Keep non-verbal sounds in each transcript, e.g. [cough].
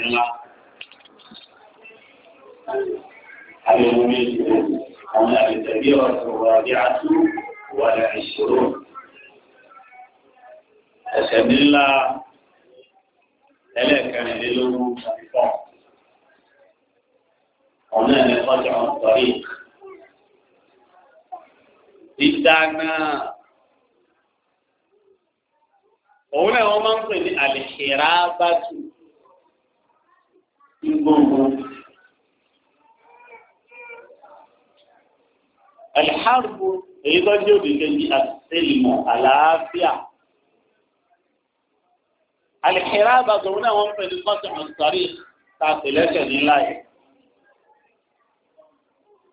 girma alamomi amma da tafiyar rabi'atu wa da ashirin ẹsẹ̀dínlá ẹlẹ́ẹ̀kẹrìndínlógún tàbí fọ́ọ̀ ọ̀nà ẹ̀ fọ́jà ọ̀tọ̀rí dídáná òun náà wọ́n máa ń pè ní àlìṣèrà bá tù الحرب ايضا جو بجنج السلم الافيا الحرابة دونا هم في المصح الصريح تاثلات لله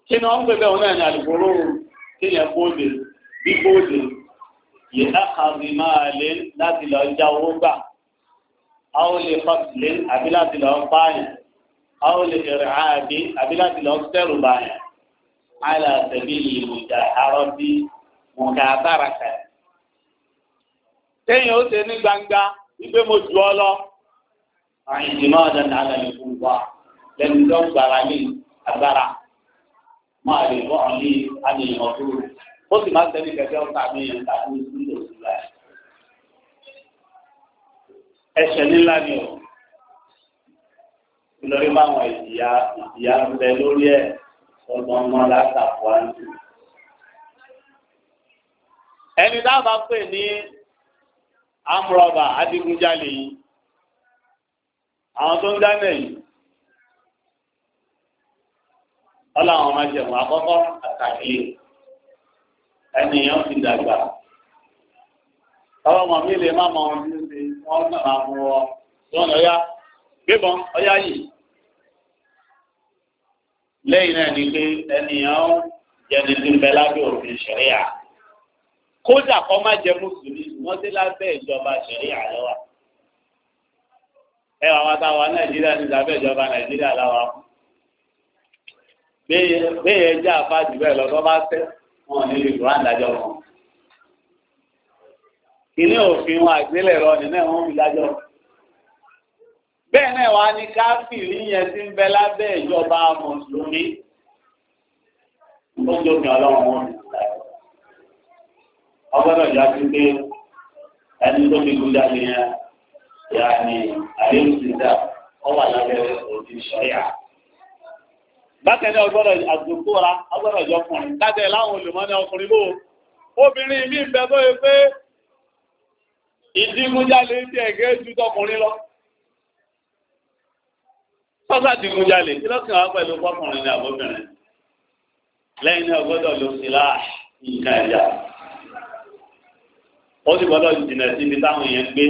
كنا هم في دونا الغرور كنا بودل بودل يأخذ مال لا تلا جاوبه àwọn lè fọ́sílẹ̀ àbí láti lọ́ọ́ báyìí àwọn lè rẹ̀ àbí àbí láti lọ́ọ́ sẹ́rù báyìí àìlà tẹ̀lé ìròjà àárọ̀ sí mọ̀ká bára kà. téèyàn ó ṣe ní gbangba wípé mo jù ọ lọ. àyìn tí máa dàn ní alẹ́ nìkú wa lẹ́nu tó ń gbàrà ní agbára máa lè bọ́ ọ ní àlè ìmọ̀tò ó sì máa ń tẹ́lẹ̀ kẹ́kẹ́ ọ̀tá ẹ̀ṣẹ̀ líla ni o lórí báwọn ìjìyà ìjìyà ń bẹ lórí ẹ ọgbọ́n ọmọ látàkùn àǹtí. ẹni dábàá pè ní amúrọ̀bà adigunjalè yìí àwọn tó ń dáná yìí ọlọ́run máa jẹun àkọ́kọ́ àtàkìlẹ̀ ènìyàn ti dàgbà ọlọ́mọ mi lè má mọ ohun tí wọ́n lẹ́yìn náà ni pé ènìyàn jẹni tí ń bẹ lábẹ́ òfin ṣẹ̀ríà kódà kọ́ má jẹ mùsùlùmí wọ́n dé lábẹ́ ìjọba ṣẹ̀ríà lọ́wọ́ ẹ wà wá táwa nàìjíríà ní lábẹ́ ìjọba nàìjíríà láwa bẹ́ẹ̀ ẹ àfáàjù bẹ́ẹ̀ lọ́tọ́ bá tẹ́ wọn ní ìlú wọn kìíní òfin wọn àgbélẹ̀rọ nínú ẹ̀wọ̀n ìdájọ́. bẹ́ẹ̀ náà wàá ní káfíìrì yẹn ti ń bẹ lábẹ́ ìjọba mùsùlùmí tó ń jókè ọlọ́run wọn. ọgbọ́dọ̀ já sí pé ẹni tó fi gúdà lè yẹn yà ní àdéhùn síta ọ wà lábẹ́ òfin ṣọ́yà. bákan náà ọgbọ́dọ̀ àgbòkóra ọgbọ́dọ̀ jọkùnrin lábẹ́ láwọn olùmọ́ni ọkùnrin lóò obìnrin mi ń bẹ tó pé ìdígunjalè ti ẹ̀gẹ́ ju tọkùnrin lọ. Sọ́sà dìgunjalè kí lọ́kàn wá pẹ̀lú fọkùnrin ní àbóbìnrin. Lẹ́yìn náà gbọ́dọ̀ lo sílá nǹkan ẹ̀yà. Ó sì gbọ́dọ̀ jìnà síbi táwọn èèyàn gbé.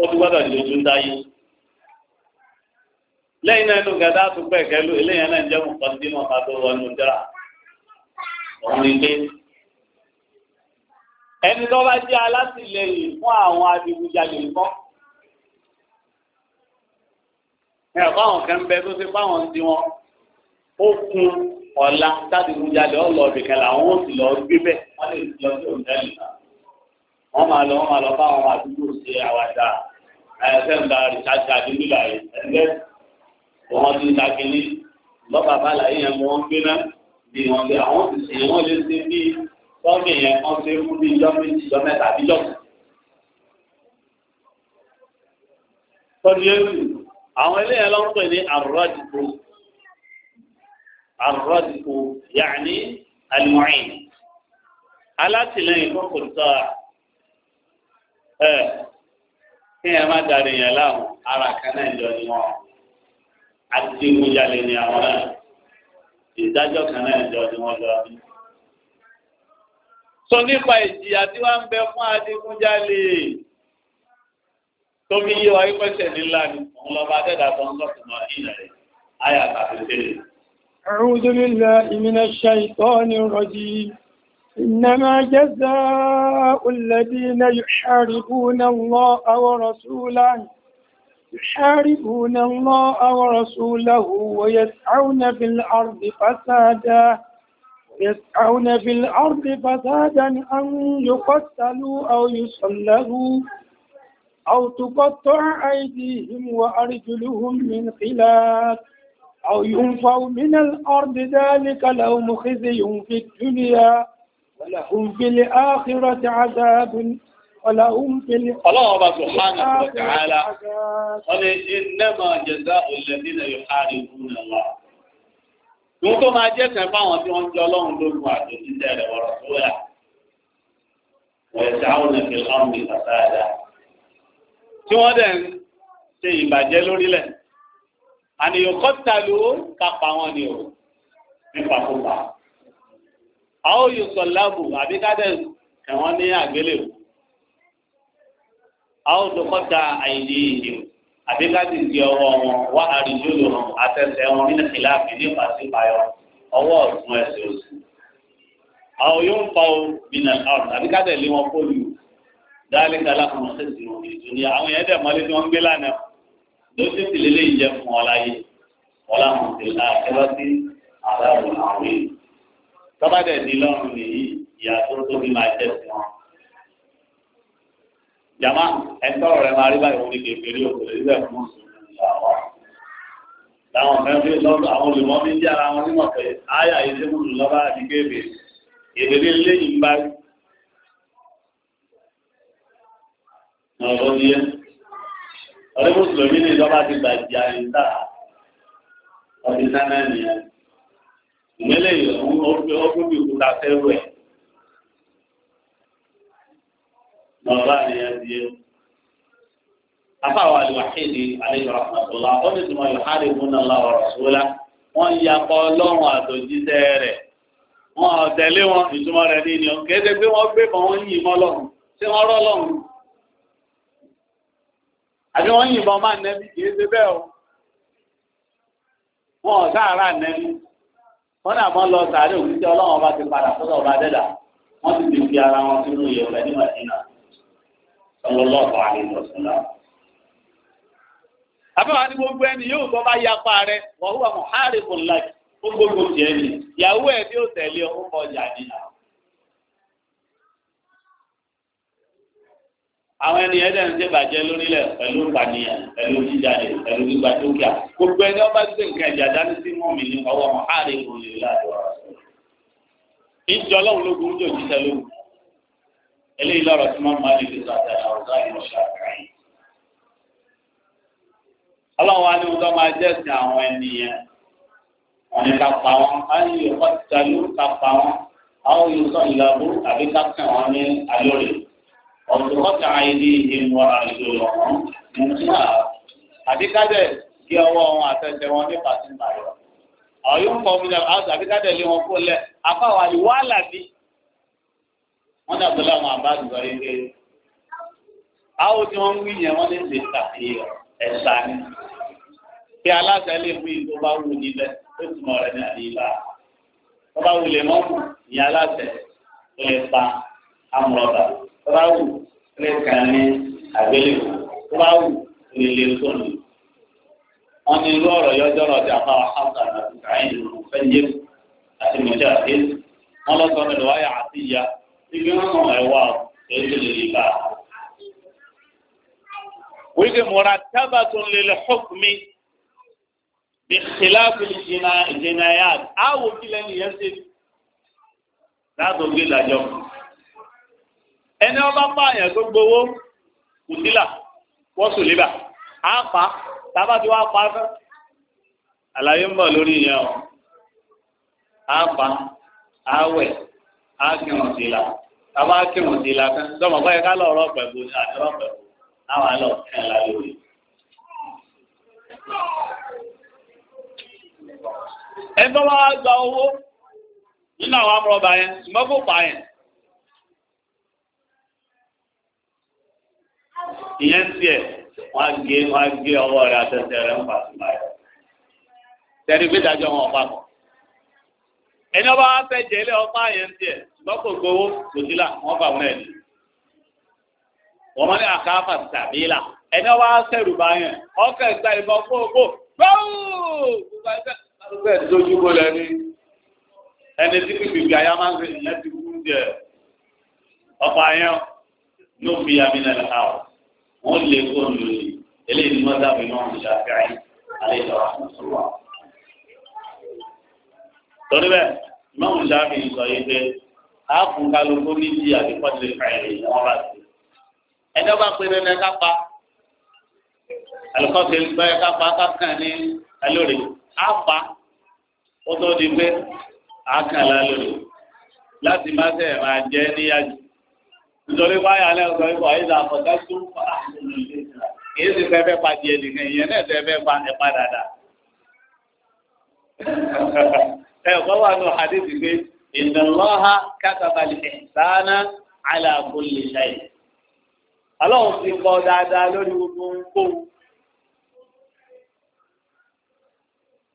Ó sì gbọ́dọ̀ di ojú dáyé. Lẹ́yìn náà inú gàdá tó pẹ̀kẹ́ ló eléyàn náà jẹ́ mọ̀kàn sínú ọ̀pá tó wọnú dára. Òun ni ẹni tó bá jẹ́ alátìlẹyìn fún àwọn adigunjalè nǹkan ẹ báwọn kan bẹ tó ṣe báwọn ti wọn ó kun ọ̀la tádìgunjalè ọlọ́ọ̀bì kan làwọn ó sì lọ gbé bẹ́ẹ̀ wọ́n lè lọ sí òǹdẹ́lì náà wọ́n máa lọ wọ́n máa lọ báwọn àdúgbò ṣe àwàdà ẹ̀fẹ́ ń ba rìsáàtì àdúgbò láàyè ẹgbẹ́ wọn ti ṣàkíní lọ́ba bá làyè yẹn wọ́n gbé náà bí wọ́n gbé àwọn ti ṣe wọ́n lè ṣe bíi sọ́ọ̀gì yẹn wọ́n ṣe fún bí ijọ́ méjì ijọ́ mẹ́ta bíjọ́. tọ́jú ewu àwọn eléyẹn ló ń pè ní àrọ́dìpọ̀ àrọ́dìpọ̀ yàní àlùmọ́ìn alátìlẹyìn kókò tọ́ ẹ kí ẹ má darí yẹn láwọn ara kan náà jọ ni wọn àti ìwúyalè ni àwọn náà ìdájọ́ kan náà jọ ni wọn lọ rí sọ nípa ìjìyà tí wọ́n ń bẹ fún adigunjalè tó fi yé wa wípé ṣẹ̀lẹ̀ ńlá ni òun lọ́ba adẹ́dà tó ń sọ̀tún náà ìyìn rẹ̀ ayà tàbí tẹ́lẹ̀. أعوذ بالله من الشيطان الرجيم إنما جزاء الذين يحاربون الله ورسوله يحاربون الله ورسوله ويسعون في الأرض فسادا يسعون في الأرض فسادا أن يقتلوا أو يصلبوا أو تقطع أيديهم وأرجلهم من خلاف أو ينفوا من الأرض ذلك لهم خزي في الدنيا ولهم في الآخرة عذاب ولهم في الآخرة الله سبحانه وتعالى قال إنما جزاء الذين يحاربون الله Ìwọ́n tó máa jẹ́ sẹ́ fáwọn tí wọ́n ń jẹ ọlọ́run lóru àti òṣìṣẹ́ rẹ̀ wọ̀rọ̀ tó yà. Wọ́n ẹ̀sẹ̀ àwọn ẹ̀fẹ̀ lọ́rùn ní sàtáàdá. Tí wọ́n dẹ̀ ń ṣe ìbàjẹ́ lórílẹ̀. Àníyàn kọ́ta ló kápá wọn ni o nípakúpa. Àwọn olùsọ̀ láàbù àbí kádẹ́ǹ ẹ̀wọ̀n ní àgbélébù. Àwọn olùkọ́ta àìdí ìdìbò àbí káàdì di ọwọ́ wọn wá àrídìlò hàn àtẹsẹ̀ wọn nínú kìláàfì nípa sípayọ ọwọ́ ọ̀tún ẹsẹ̀ òsì. àwọn yóò ń fa o bìnnà ọ̀rùn àbí káàdì lé wọn fóònù dáálé kálá kan ọ̀sẹ̀ sí wọn ètò ní àwọn yẹn dẹ̀ mọ́lé tí wọ́n ń gbé lánàá lóṣù tí lélẹ́ yìí jẹ́ fún ọ láyé ọ̀la hàn sí àkẹ́rọ́ sí àdáwò àwọn èèyàn. tọ́ba dẹ̀ di lọ́rùn nìyí ìyà tó tóbi máa jẹ́ sí wọn jama ẹ̀tọ́ rẹ̀ máa rí báyìí wọ́n ní kékeré òkèlè ilẹ̀ fún làwọn mẹ́fẹ́ lọ́dọ̀ àwọn olùmọ́ mi jẹ́ ara wọn nímọ̀ pé áyà ilé múlù lọ́ba àti kébè èdèrè lẹ́yìn bá ọ̀rọ̀ ni ẹ́ ọ̀rẹ́ mùsùlùmí ní ìjọba ti gbà jì àyíká ọ̀dìnnáná nìyẹn ìmẹ́lẹ̀ yìí ó gbé òkúta fẹ́rù ẹ̀ bàbá rẹ̀ yẹn di yẹn. afáwọ̀ àlùwàhídì àlejò rahmatullah ó ní tùmọ̀ yòhárì múná láwọ̀ rọ̀ṣúlá wọ́n ya kọ́ lọ́rùn àtòjíṣẹ́ rẹ̀ wọ́n tẹ̀lé wọn ìtumọ̀ rẹ̀ ní ìyọ̀ kéde pé wọ́n gbé bọ̀ wọ́n yìn mọ́ lọ́rùn ṣé wọ́n rọ́ lọ́rùn àbí wọ́n yìnbọn máa nẹ́bí kì í ṣe o wọn ò sáàrà wọn náà mọ́ lọ sàárè òkúté ọlọ́run ọba ti padà fọ́sọ̀ ọba dẹ́dà wọ́n ti fi ara wọn sínú ìyẹ̀wò ẹ̀ màdínà sallallahu alaihi wasallam. àbáwá ni gbogbo ẹni yóò tọ́ bá yapa rẹ wọ́n wà mọ̀ hárì fún láì fún gbogbo tiẹ̀ ni ìyàwó ẹ̀ tí ó tẹ̀lé ọ kọ́ ọjà nínú. àwọn ẹni ẹ̀dá ń ṣe lórílẹ̀ pẹ̀lú ìpànìyàn pẹ̀lú jíjáde pẹ̀lú gbígba dúkìá gbogbo ẹni ọba gbé nǹkan ẹ̀jà dání sí mọ́mì ní ọwọ́ mọ̀ hárì fún ìlú àdúrà. ìjọ ọlọ́run ló gbóúnjò jíjẹ lóhùn eléyìí lọ́rọ̀ tí wọ́n máa lè fi sàtẹ̀ àwùjọ ìmọ̀ ṣàkàyè. ọlọ́run wa ní wọ́n máa jẹ́ sí àwọn ènìyàn wọ́n ní ká pa wọn báyìí yóò kọ́ ti tẹ̀lé ká pa wọn àwọn yóò sọ ìlàbú tàbí ká tẹ̀ wọ́n ní alóore ọ̀dùn kọ́tà àìdí ìmọ̀ àjò ọ̀hún ní ìhà àdíkádẹ̀ kí ọwọ́ wọn àtẹ̀tẹ̀ wọn ní pàṣípààrọ̀ ọ̀yọ́ ń kọ́ mi náà àbíkádẹ̀ lé wọn kó lẹ̀ afáwa ìwà àlàbí wọ́n ní àbúlá àwọn àbá àdúgbò yìí pé àwọn tí wọ́n ń wí yẹn wọ́n lè lè ṣàfihàn ẹ̀sà ni pé aláṣẹ lè wí tó bá wù níbẹ̀ ó sì mọ̀ rẹ̀ ní àdìbà tó bá wù lè mọ́ wù ní aláṣẹ tó lè pa amúrọ̀bà tó bá wù lè kàn ní àgbélébù tó bá wù lè lè sọ̀nù wọ́n ní irú ọ̀rọ̀ yọjọ́ rọ̀ ti àpá àkàtà àti kàáyìn ló fẹ́ yé àti mọ̀já àti wọ́n lọ́sọ̀rọ̀ lọ́wọ́ ibi wọn kàn máa wá ọ èyí tó lè yí bá a. wíìgì múra tábà tó lè lè xukumi bí xilaafi jìnnà jìnnà yá awo kílẹ̀ ni yẹn ti láti ògbé làjọ. ẹni ọba pààyàn tó gbowó kùtìlà wọ́n sùn á pa tábà tí wọ́n pa fẹ́. àlàyé ń bọ̀ lórí ìyẹn o á pa á wẹ̀ á kírun sí la. kaba kéwòn sí la kan sọmọ bá yẹ ká lọ ọ̀rọ̀ pẹ̀lú ní àti ọ̀rọ̀ pẹ̀lú àwọn àlọ kàn la lórí. ẹ wa gba owó nínú àwọn amúrọ̀bà yẹn pa yẹn. ìyẹn gé gé ń pàṣẹ báyìí. wọn ẹni lọ́kọ̀ gbowó sòdílà wọ́n bá wọn ẹ̀dì. wọ́n máa ní àkáfà tàbílà ẹni wá sẹ́rù bá yẹn ọkọ̀ ẹ̀gbá ìbọn fóògbó gbọ́ọ̀ ẹni tí bíbí àyà máa ń sè ìyẹn ti kú jẹ ọ̀pọ̀ àyàn ló fi àmìnà ẹ̀ hàn wọ́n lè kó lórí eléyìí ni wọ́n dábìí náà ń ṣàfihàn alẹ́ torí bẹ́ẹ̀ ìmọ̀ àákùn kálukú níbi àdìpọ́tì fàìlì àwọn bá ti. ẹjọ́ bá pe dandan ká pa àlùkọ́sí bẹ́ẹ̀ ká pa kákan ní alóore á pa ó tó di pé àákàn lálóore láti má sẹ̀ máa jẹ́ níyàjú. nítorí báyà lẹ́yìn sọ ipò àyíká àfọ̀dá tó ń kì í sì fẹ́ fẹ́ pa díẹ̀ nìkan ìyẹn náà fẹ́ fẹ́ pa ẹ̀pá dáadáa. [laughs] kọ́ wà nù hadithi pé ìdánlọ́ha kákàbàlì ìsáná aláàbòlè ṣáì. ọlọ́run ti kọ́ dáadáa lórí gbogbo nǹkó.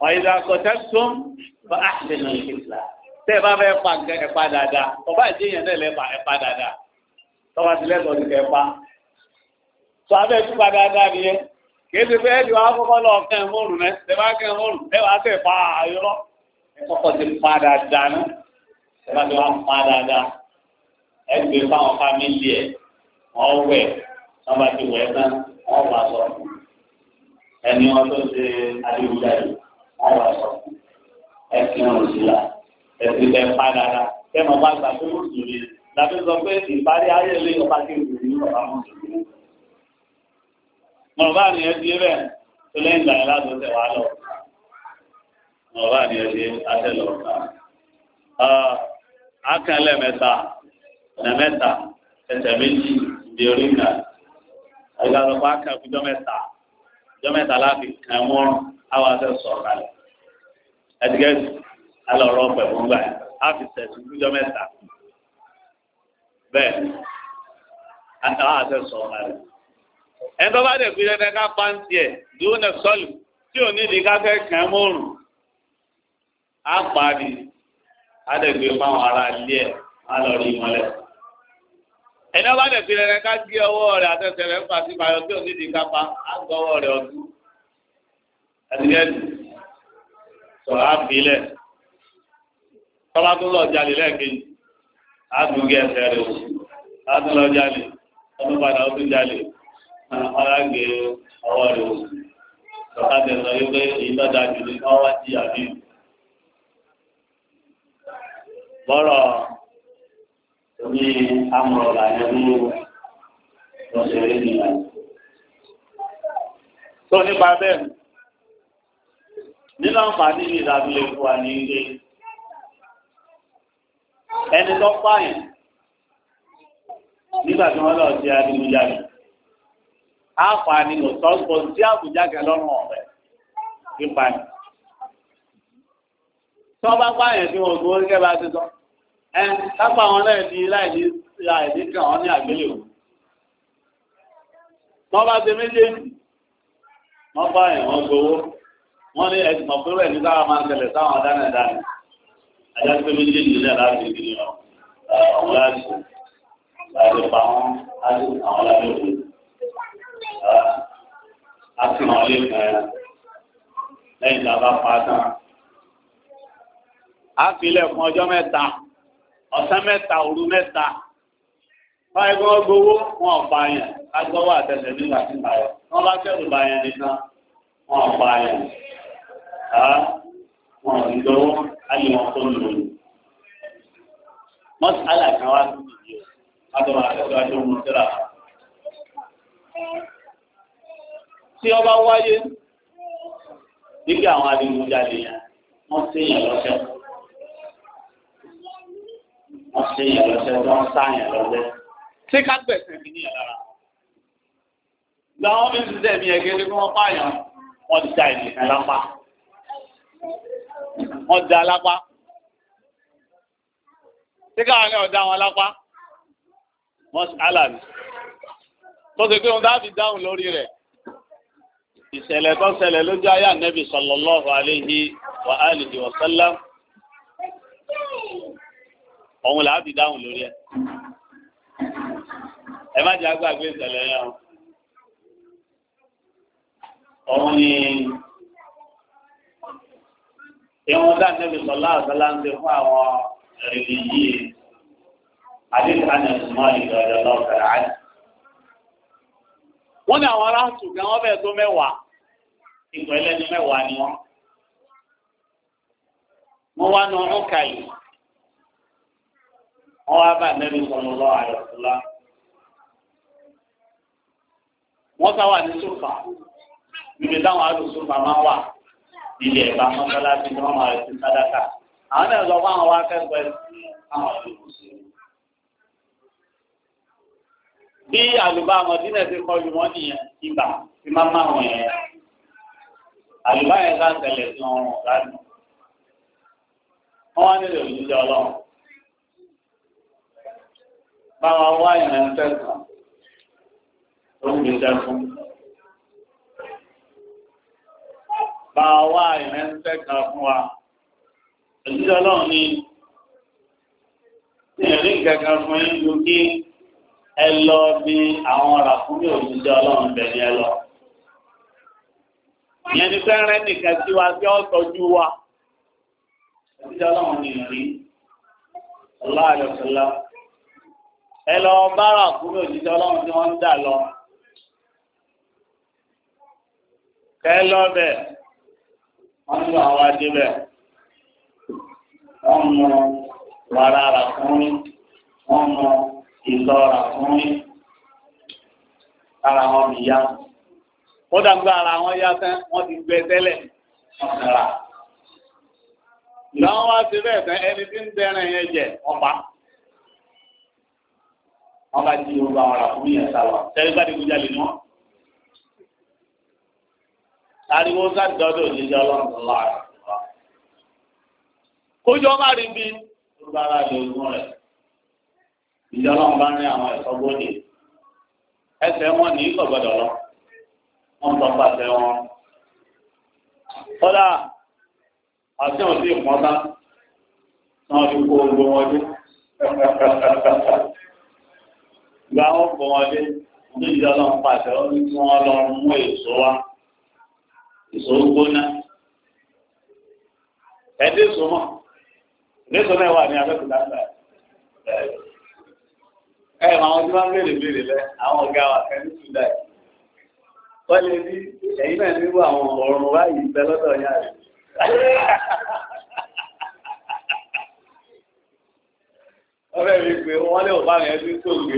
ọ̀yìnbá kọ̀tẹ́sùn bá àṣìṣe ìṣẹ̀lá. tẹ́ ẹ bá fẹ́ pa nǹkan ẹ̀pa dáadáa ọba ìdíyẹn náà lẹ́pa ẹ̀pa dáadáa. tọ́wọ́ ti lẹ́tọ̀ọ́ ti kẹ́ pa. sọ abẹ́ ìtúpa dáadáa nìyẹn. kì ṣe pé ẹ̀dùn akọ́kọ́ lọ kẹ́ ẹ̀ mọ́rùn-ún ẹ̀ bá kẹ́ ẹ̀ mọ́rùn-ún wá tẹ̀ pa àyọ̀rọ̀ ẹ̀ kọ́kọ́ ti pa dáadáa náà ẹ̀ka tó wá pa dáadáa ẹgbẹ́ fáwọn fámìlì ẹ̀ wọ́n wẹ̀ wọ́n bá ti wẹ̀ tán wọ́n wà sọ ẹni wọn tó ṣe adéwúdáyé wọ́n wà sọ ẹ̀kí wọn sì là ẹ̀sìn tẹ̀ pa dáadáa kẹ́mi ọba gbà pé ó sùn làbí sọ pé ìparí ayé lè ọba kí òkú ní ọba mọ̀ mọ̀lọ́bá ni ẹ ti rẹ̀ tó lẹ́yìn ìgbà yẹn láti ọ̀sẹ̀ wá lọ mọ̀lọ́bá ni ẹ ti àtẹ lọ́ọ̀ta akẹ́ lẹ́mẹ́ta lẹ́mẹ́ta ẹsẹ̀ méjì ìdérí nà ìgbàlọ́pọ̀ akẹ́ ọ̀fíjọ́ mẹ́ta ìjọ́ mẹ́ta láti kàn wọ́n àwọn àti sọ̀rọ̀ kalẹ̀ ẹ̀dígẹ́sì alọ̀rọ̀ pẹ̀lú gbà yẹn láti sẹ̀sì ìjọ́ mẹ́ta bẹ́ẹ̀ àwọn àti sọ̀rọ̀ kalẹ̀ ẹ̀ńtọ́ bá dẹ̀ fi ẹ̀fẹ́ ká pàǹtí ẹ̀ dúró nẹ̀ sọ́ọ̀lù tí ò ní ìdí ká fẹ́ kàn mọ́rùn-ún á pàdé adẹ̀gbé fáwọn ará ilé ẹ̀ á lọ rí mọlẹ. ẹni ọba dẹ̀ fi rẹ̀ ká gé ọwọ́ àtẹ̀sẹ̀ ń sí tí òní di kápá á gbọ́ ọwọ́ rẹ̀ ọdún. ẹ̀dínlẹ́dì sọ̀rọ̀ á fi lẹ̀ tọ́lá tó lọ jalè lẹ́ẹ̀kejì á dùn gé ẹsẹ̀ á tún lọ jalè ọdún padà ó tún jalè gé ọwọ́ ìtọ́jà bọ́rọ̀ ní amọ̀rọ̀lá ẹ̀mú lọ́sẹ̀rẹ̀ nìyà. tó nípa bẹ́ẹ̀ nínú àǹfààní ní ìdàbílẹ̀ fún wa ní ilé ẹni tó pààyàn nígbà tí wọ́n lọ sí adigunjalè àǹfààní lò sọ́kò sí àbújá gẹ̀lọ́rùn ọ̀rẹ́ nípa ni tí wọ́n bá pààyàn tí wọ́n gbowó gẹ́gẹ́ bá ti sọ ẹ lápá wọn náà di láìní àìní kan wọn ní àgbélẹ̀wò wọ́n bá ti méjèèjì wọ́n pààyàn wọ́n gbowó wọ́n ní ẹ̀sìn mọ̀ pẹ́rẹ́ ní sáwọn máa ń tẹ̀lẹ̀ sáwọn dáná dáná ajá pé méjèèjì náà láti ìdí wọn àwọn láti láti pa wọn láti àwọn láti òkú àti àwọn ilé kan lẹ́yìn tí a bá pa á tán àfilẹ̀ fún ọjọ́ mẹ́ta ọ̀sán mẹ́ta òru mẹ́ta báyìí wọ́n gbowó wọn ọ̀pá yẹn agbọ́wọ́ àtẹ̀sẹ̀ nígbà tí ìgbà yẹn wọ́n bá kẹ́rù bá yẹn nìkan wọn ọ̀pá yẹn wọn ò gbowó ayé wọn tó lò ó. mọ́sálà kan wá sí ìdíyẹ látọ̀wọ́ àtẹ̀sẹ̀ àti ohun síra. tí ọba wáyé nígbà àwọn adigunjalè yẹn wọ́n séèyàn lọ́sẹ̀kọ̀ wọ́n ṣe ìyàlọ́sẹ́ tó ń sáyàn lọ́lẹ́. ṣé ká gbẹ̀sẹ̀ mi ní ìyàlára? làwọn mi ń ṣiṣẹ́ mi ẹ̀gẹ́ ní kí wọ́n pààyàn wọ́n ti da ìdìkan lápá. wọ́n da lápá. ṣé káwọn náà da wọn lápá? wọ́n ṣe alàmì. tó ṣe pé wọn bá fi dáhùn lórí rẹ̀ ìṣẹ̀lẹ̀ tó ṣẹlẹ̀ lójú ayé ànẹ́bì sallallahu alayhi wa ọ̀hun làá ti dáhùn lórí ẹ̀ ẹ má jẹ́ agbágbé ìṣẹ̀lẹ̀ yẹn o ọ̀hun ni ìwọ̀n dá nẹ́bí sọ̀lá àtàlà ń ṣe fún àwọn ẹ̀rìndì yìí àdéhùn àná ìsúnmọ́ ìdọ̀rẹ́ lọ́kàrà áyì. wọ́n ní àwọn aráàtù kan wọ́n fẹ́ẹ́ tó mẹ́wàá ìpẹ́lẹ́ ní mẹ́wàá ni wọ́n. wọ́n wá nu ọ̀hún kàyè wọn wá bá nẹbi sọlọ lọ àyọsọlá wọn sáwà ní sọfà níbi táwọn alùsùnfà máa wà nílé ẹ̀bá mọ́sálásí ni wọ́n máa rẹ̀ sí sádàkà àwọn náà lọ fáwọn wá kẹ́kọ̀ọ́ sí àwọn àlùkù sí. bí àlùbá àmọ̀dínà ti kọ́ ju wọ́n nìyẹn ibà ti máa máa wọ̀n yẹn àlùbá yẹn ká tẹ̀lé sí wọn wọn láti. wọ́n wá nílò ìdíje ọlọ́run báwa wá ìrìnàṣẹ́ kan tó ń gbèsè fún. Báwa wá ìrìnàṣẹ́ kan fún wa. Òjíṣẹ́ ọlọ́run ni ìrìn kankan fún yín kí ẹ lọ bí àwọn ràkúnmí òjíṣẹ́ ọlọ́run bẹ̀rẹ̀ ẹ lọ. Ìyẹn ni fẹ́rẹ́ nìkan sí wa tí ó tọ́jú wa. Òjíṣẹ́ ọlọ́run ni ìrìn. Allah ẹ lọ bára kúrò jíjẹ ọlọ́run tí wọ́n ń dà lọ. kẹ lọ bẹ̀ wọ́n ń lọ àwọn adé bẹ̀ wọ́n mọ wàrà rà fún mi wọ́n mọ ìlọ rà fún mi ara wọn mi yá ó dàgbà ara wọn yá tán wọ́n ti gbẹ tẹ́lẹ̀ wọ́n ti rà lọ́wọ́ wá sí bẹ́ẹ̀ tán ẹni tí ń bẹ̀rẹ̀ yẹn jẹ ọ̀pá wọn bá di yorùbá wọn fún yẹn sáwà sẹ́yìn bá dìgbò jalè ni wọn. ariwo sàdọ́dọ̀ òjijì ọlọ́run lọ́wọ́ kójú ọmọ rí bí yorùbá ara lè gún rẹ̀ ìjọ ọlọ́run bá ní àwọn ẹ̀sọ́ gbòdì ẹsẹ̀ wọn ní ìkọ̀gbọ́dọ̀ lọ wọn sọ pàṣẹ wọn. kọ́dà àti òsì ìpọ́nta náà fi kó gbogbo wọn dé. [laughs] gba ọkọ̀ wọlé ní ìjọ lọ́n pàṣẹ ó ní kí lọ mú èso wá èso gbóná. ẹdí èso mọ̀ èso náà wà ní abẹ́kúta ńlá ẹ ẹ àwọn tí wọ́n béèrè béèrè àwọn ọgá wa ní ọbẹ̀ mi pé wọ́n lé òbá yẹn sí sóògbé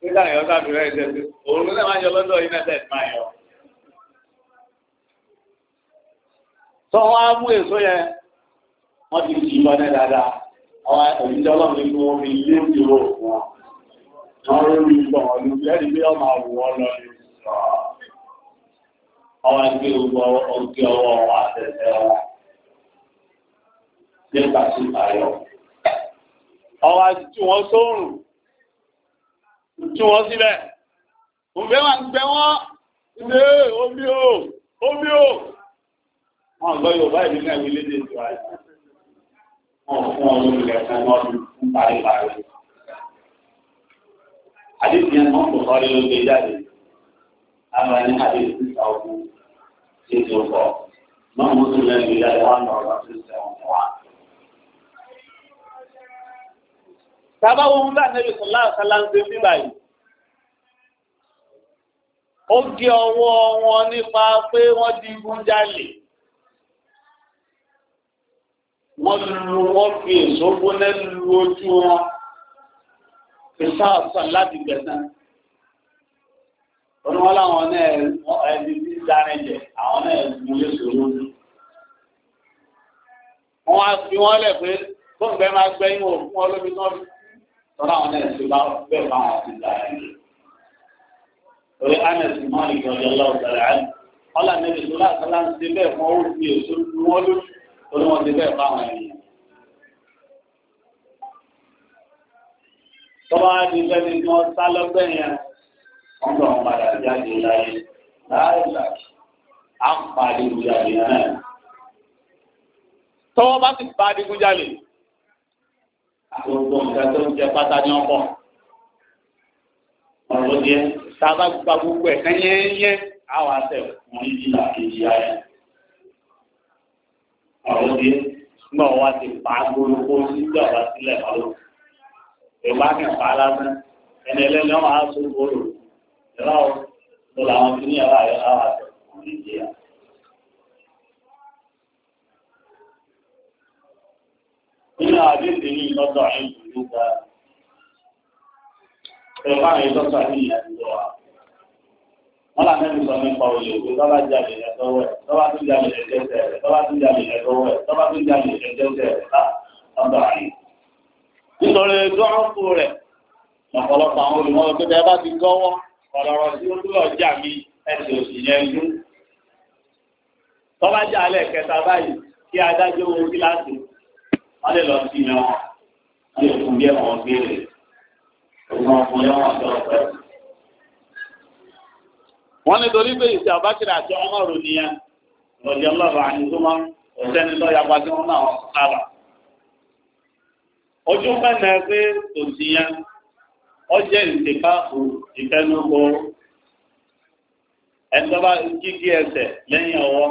nígbà yẹn sábì rẹ̀ jẹ́ sí òun náà máa yọ lọ́dọ̀ yìí máa yọ. tó wọ́n á mú èso yẹn wọ́n ti jì lọ ní dáadáa àwọn òyìnbó ọlọ́run ní kí wọ́n fi lé ìdúró fún wọn. wọ́n ló rí wọn ní bí ẹni bí wọ́n máa wù wọ́n lọ ní ọwọ́ ẹgbẹ́ ọgbẹ́ ọwọ́ àtẹ̀tẹ̀ wọn ọwọ́ tí wọ́n sóòrùn tí wọ́n síbẹ̀ òfẹ́ wà ń gbẹ wọ́n ilé omi o omi o wọ́n gbọ́ yorùbá ìlú náà wílé dé tó àyè wọ́n fún ọmọ ìlẹ̀ kan náà fún parí parí àdéhùn yẹn kò sọ́ọ́ ló gbé jáde àmọ́ ní àdéhùn sísá ogun ṣe tó kọ́ mọ́mú tó lẹ́nu ìlẹ̀ wọn náà wà tó sẹ́wọ̀n wọn. sábà wọn bá nẹ́bí sọ̀lá àṣálá ń ṣe sí báyìí. ó gé ọwọ́ wọn nípa pé wọ́n digun jalè. wọ́n lu wọ́n fi èso gbóná lu ojú wọn. ìsáàsà láti gbẹ̀sán. wọ́n wọ́n láwọn náà ẹni tí dárin jẹ àwọn náà mú lẹ́sọ̀ọ́ lójú. wọ́n á fi wọ́n lẹ̀ pé tó máa gbẹ́yìn òfin ọlọ́bí náà tọ́lá àwọn náà ti bá bẹ́ẹ̀ bá wọn ti gbà yẹn. Orí Anas Malik ọ̀dọ̀ lọ́wọ́ sọ̀rọ̀ ẹ̀. Ọlá níbi sọlá sọlá ń ṣe bẹ́ẹ̀ fún ọ̀rọ̀ fi èso ní wọ́n lójú torí wọ́n ti bẹ́ẹ̀ bá wọn yẹn. Tọ́lá ti bẹ́ẹ̀ ni wọ́n sá lọ́gbẹ́ yẹn. Wọ́n gbọ́ wọn padà jáde láyé láìláì. À ń pa náà. Tọ́wọ́ bá ti pa adigunjalè gbogbo nǹkan tó ń jẹ pátá ní ọkọ ọ̀rọ̀ díẹ̀ tá a bá gba gbogbo ẹ̀ kán yẹ́yẹ́ á wà tẹ̀ wọ́n ní ìlà kejì ayé ọ̀rọ̀ díẹ̀ nígbà wọ́n ti pa agolokó nígbà wá sílẹ̀ lọ́wọ́ ìgbà kan pa lásán ẹni ẹlẹ́ni ọ̀hún á sọ gbòòrò ìlà ọ̀ lọ́la wọn ti ní ẹ̀rọ àyẹ̀wò àwọn àtẹ̀wọ̀n ní ìjìyà. nínú àdéhùn ní ìtọ́tọ̀ àyìn ìlú ga ẹ̀rọ márùn-ún ìtọ́tọ̀ àyìn ìyàtọ̀ wa. wọ́n là mẹ́rin sọ nípa olè òkú tọ́ba jalè ẹ̀dọ́wọ́ ẹ̀ tọ́ba tún jalè ẹ̀dẹ́sẹ̀ rẹ̀ tọ́ba tún jalè ẹ̀dọ́wọ́ ẹ̀ tọ́ba tún jalè ẹ̀dẹ́sẹ̀ rẹ̀ látọ̀tọ̀ wọ́n lè lọ sí yan wọ́n lè fún bí ẹ̀wọ̀n béèrè ọ̀gbọ́n fún yẹ̀wọ̀n àti ọ̀pẹ. wọ́n ní torí pé ìsì àbákìrì àti ọmọ rò nìyẹn lọ́jọ́ lọ́rọ̀ àyùntúmọ́ ọ̀sẹ́ni lọ́ọ́ yapa tí wọ́n náà sábà. ojú mẹ́ta yẹn ìfẹ́nukọ kíkí lẹ́yìn ọwọ́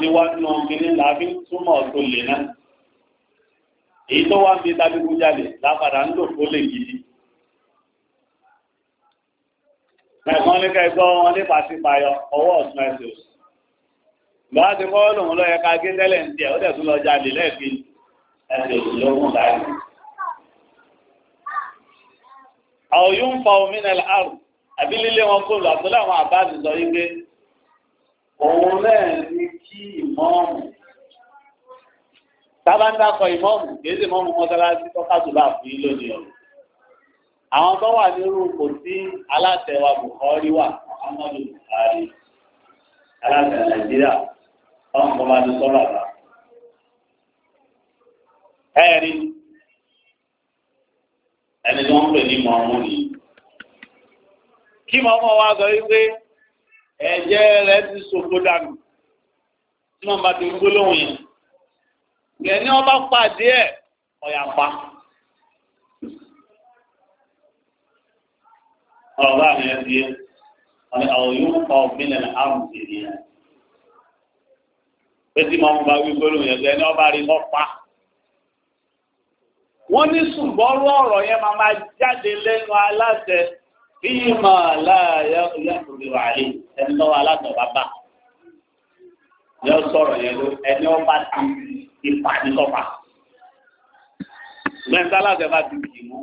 ti wá nínú kìíní làáfi túmọ̀ tó lè náà èyí tó wá ń bí tábíkújalè lápadà ń lò fólè gidi ẹ̀kan ní kẹgbọ́ wọn ní pàṣípàyọ ọwọ́ ọ̀sùn ẹ̀sùn gbọ́n ti kọ́ lòun lọ yẹ ká gé tẹ́lẹ̀ ń tiẹ̀ ó dẹ̀ tún lọ jalè lẹ́ẹ̀fi ẹ̀sùn òsì lógún láì àwọn yóò ń fa omi náà àrùn àbí lílé wọn kó lù àbúlé àwọn àbáàdì sọ yí pé òun náà ní kí ìmọ̀ọ̀mù tábà ń dákọ̀ ìmọ̀ọ̀mù kìí sì mọ́mù mọ́sálásí tọ́ka tó bá fún yín lónìí ọ̀rọ̀ àwọn tó wà nírú kò sí alátẹ̀wà Buhari wà Muhammadu Buhari alátẹ̀ Nàìjíríà ọ̀hún kọ́ bá ní sọ́rọ̀ àbá ẹ̀rí ẹni tó ń pè ní mọ̀ọ́mù nìyí kí mọ̀ọ́mù wa sọ wípé ẹ̀jẹ̀ rẹ̀ ti ṣòfò dànù tí wọ́n bá ti gbólóhùn yẹn. Gẹ̀ẹ́ni wọ́n bá pàdé ẹ̀ ọ̀yà pa. Ọ̀rọ̀ bá mi ẹ fi ọ̀nà àwọn yóò pa ọ̀gbìn lẹ́nu àrùn tèmi yẹn. Pétí máa ń gba wí gbólóhùn yẹn gẹ̀ẹ́ni wọ́n bá rí wọ́n pa. Wọ́n ní ṣùgbọ́n ọ̀rọ̀ yẹn máa máa jáde lẹ́nu aláṣẹ fíìmà láàyè lẹ́kùnrin àlè ẹni lọ́wọ́ alátọ̀bá bá yọ sọ̀rọ̀ yẹn ló ẹni ọba ti ipa ní sọ́fà. Gbẹ̀ntà aláṣẹ bá ti bì mú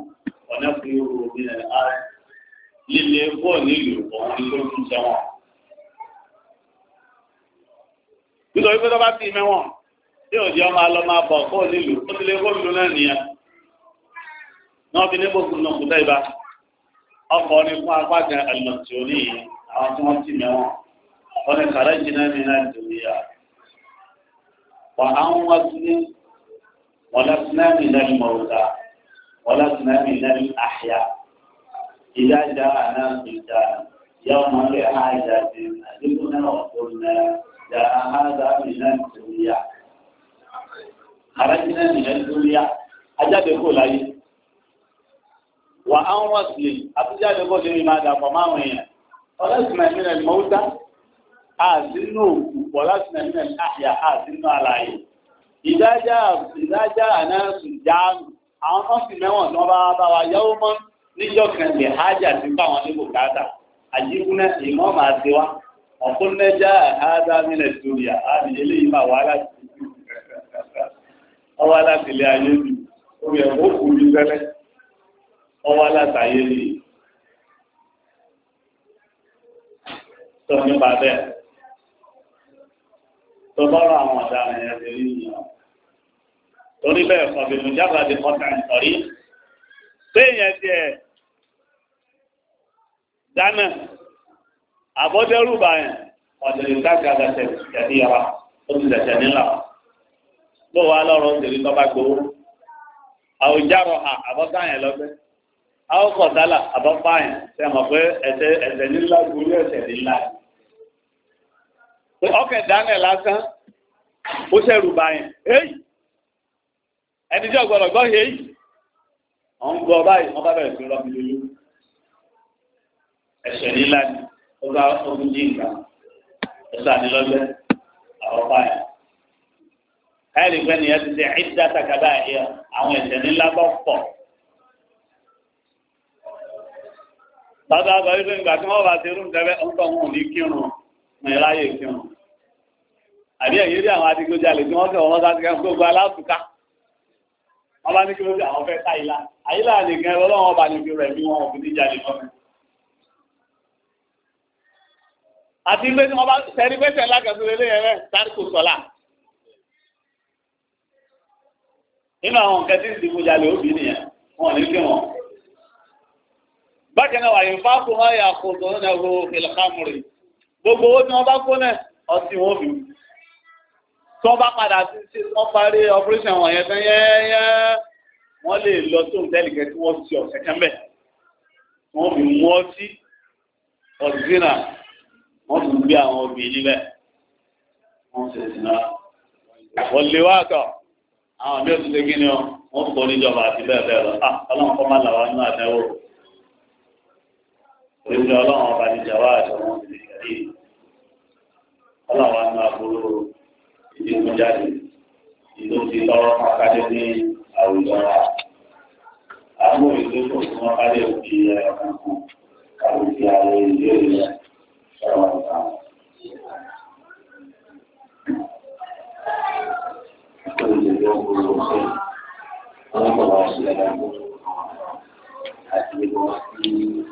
ọ̀nà fún irú omi ẹ̀ á líle bọ́ nílùú ọ̀hún ní lójú sẹ́wọ̀n. Nítorí pé tọ́ba ti mẹ́wọ̀n tí òjì ọmọ alọ máa bọ̀ kó nílùú ó ti lé gómìnà náà nìyẹn. Náà fi ní bókun náà kú tẹ́ ibà ọkọ̀ ní fún apájẹ àlùmọ̀tìórì àwọn tí wọ́n ti mẹ́wọ̀n wọ́n ní kàrẹ́ jìnnà ní nàìjíríà wà àwọn wá sí ní wọ́n lọ sí náà ní lẹ́nu mọ̀ọ́ta wọ́n lọ sí náà ní lẹ́nu àhíyá ìyá ìjà àná ìjà ìyá ọmọ ilé ha ìjà ti àdínkù náà ọ̀pọ̀ náà ìjà àhádà ní nàìjíríà kàrẹ́ jìnnà ní nàìjíríà ajáde wà á ń wọ́n sílẹ̀ àtúnjáde bó ṣe rí máa dàpọ̀ máwọn èèyàn ọlọ́sìn ẹ̀mílẹ̀ mọ́tà àdínú òkú ọlọ́sìn ẹ̀mílẹ̀ àyà àdínú àlàyé ìdájà ìdájà ànáàsù jáàmù àwọn kan sì mẹ́wọ̀n tí wọ́n bá bá wa yẹ́wó mọ́ níjọ́ kan lè hájà sí fáwọn níbò káàtà àjíkúnná ìmọ̀ máa ti wá ọ̀kúnnẹ́jà àádá mílẹ̀ sórí àmì eléyìí máa wà láti [laughs] ọwọ́ láti ilé ayé mi ó yẹ kó kù ní sẹ́lẹ̀ ọwọ́ látàyè lè tó nípa bẹ́ẹ̀ tó bọ́rọ̀ àwọn ọ̀daràn yẹn ti rí nìyẹn torí bẹ́ẹ̀ kọ̀bìnú jábàdì kọ́tà ìtọ́rí bẹ́ẹ̀yẹn tiẹ̀ dáná àbọ̀dẹ́rùbà yẹn ọ̀dẹ̀rẹ̀ káàkiri àtẹ̀ ìjàdí yàrá ó ti dẹ̀sẹ̀ nílà ló wà lọ́rọ̀ òṣèré tó bá gbowó àwùjárọ̀ àbọ̀dá yẹn lọ́gbẹ́ àwòkọ̀ dálà àbápáyìn ṣe mọ̀ pé ẹ̀ṣẹ̀ ẹ̀ṣẹ̀ nílá gbórí ẹ̀ṣẹ̀ nílá ọkẹ̀ dánẹ̀ lásán ó ṣẹ̀rù báyìí èyí ẹni tí ọ̀gbọ̀dọ̀ gbọ́ èyí wọ́n gbọ́ báyìí wọ́n bá bẹ̀rẹ̀ sí rọ́ọ̀mù lóyún ẹ̀ṣẹ̀ nílá ni ó bá ogun jí ìgbà ẹ̀ṣẹ̀ ànílọ́gbẹ́ àbápáyìn ẹ̀rì pẹ́ nìyẹn ti ṣe ìdá takadá ẹ̀yà àwọn ẹ̀ṣẹ̀ nílá bọ́ pọ̀ Tọ́tà sọ wípé ìgbà tí wọ́n bá ti rú ìjẹ́bẹ́ ọ̀tọ̀ wọn ní kírun ní ráyè kírun. Àbí ẹ̀yìn rí àwọn adigunjalè tí wọ́n fẹ́ wọn láti kẹ́kọ̀ọ́ gbogbo aláàtúká. Wọ́n bá ní kí ló dé àwọn fẹ́ ká ìlà. Àyílà nìkan ẹ̀rọ lọ́wọ́ bá ní fi rẹ̀ bí wọn ò fi ní jalè lọ. Àti ilé tí wọ́n bá sẹ́ni pẹ́sẹ̀ lákàtúndé lé ẹ̀rẹ́ sáré sọ́lá bákan náà wàyí fáfù máa yà kó tó náà wo ìlàkàmùrì gbogbo owó tí wọ́n bá kó náà ọtí wọn fi tí bá padà sí sí wọ́n parí operation wọn yẹn tán yẹ́yẹ́ wọ́n lè lọ tó ń tẹ́lẹ̀ kẹ́ tí wọ́n ti ọ̀sẹ̀ kẹ́mbẹ̀ wọ́n fi mú ọtí ọ̀dínà wọ́n fi gbé àwọn obìnrin bẹ́ẹ̀ wọ́n sì sí náà wọ́n lè wá kọ́ àwọn ọ̀dọ́ ti ṣe kí ni wọ́n kọ́ níjọba àti bẹ́ẹ̀ bẹ́ẹ̀ lọ ah, oríṣi ọlọ́run ọba ní jàwá àjọwọ́ ìrìnkàrí ọlọ́run àti àbúrò ìdíkúnjáde ìlú ti lọ́wọ́ pàkàdé ní àwùjọ wa àwọn ìlú kò fún wọn bá lè fi ẹ̀kan kù àwùjọ àwọn ìlú ìlú ṣọwọ́ ìta. Thank you.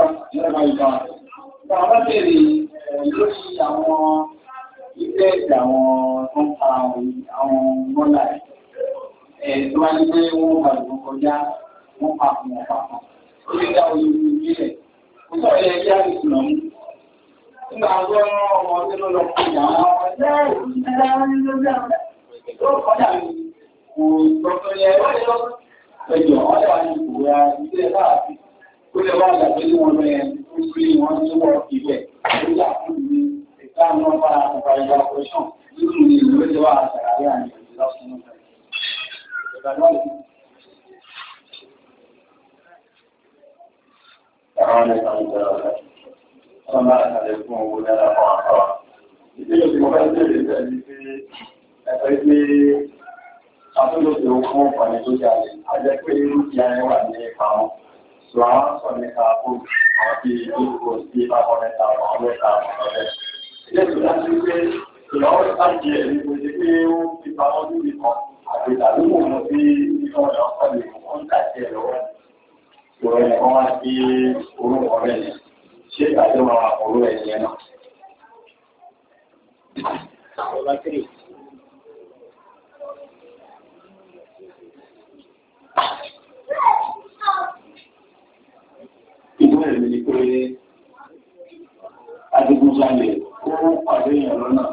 ìjọba ìgbà. Ìgbà wọn bèèrè ilé ẹ̀jẹ̀ àwọn ó lè wá àgbàdo ní wọn lẹ ó sì wọn ní wọn ibẹ̀ ó yà fún mi ìta náà bá ọba ìyá ọ̀ṣọ́ nínú ní ìlú ó lè wá àgbàdo àyè lọ́sùn náà. Ìdílé tí mo fẹ́ ṣe lè bẹ̀rẹ̀ ní pé ẹ̀fẹ́ gbé àtúntò tí ó fún ọ̀pọ̀ ní tó jáde, àjẹ́ pé ìyá ẹ̀ wà ní ìpamọ́. ร้อนส่วนในตาพูดขอที่ลูกคนที่มาพอในตาหมอด้วยตาหมอเลยเรื่องสุดท้ายคือเราตั้งใจมีคนที่มีมีความรู้ที่มีความอาจจะรู้มุมที่ที่เราเราก็มีคนแต่เจอแล้วตัวเองก็มาที่คนของเราเนี่ยเชื่อใจว่าคนเราเนี่ยเนาะ rẹ̀ ní pé adigunjalè ó pàdé èèyàn lọ́nà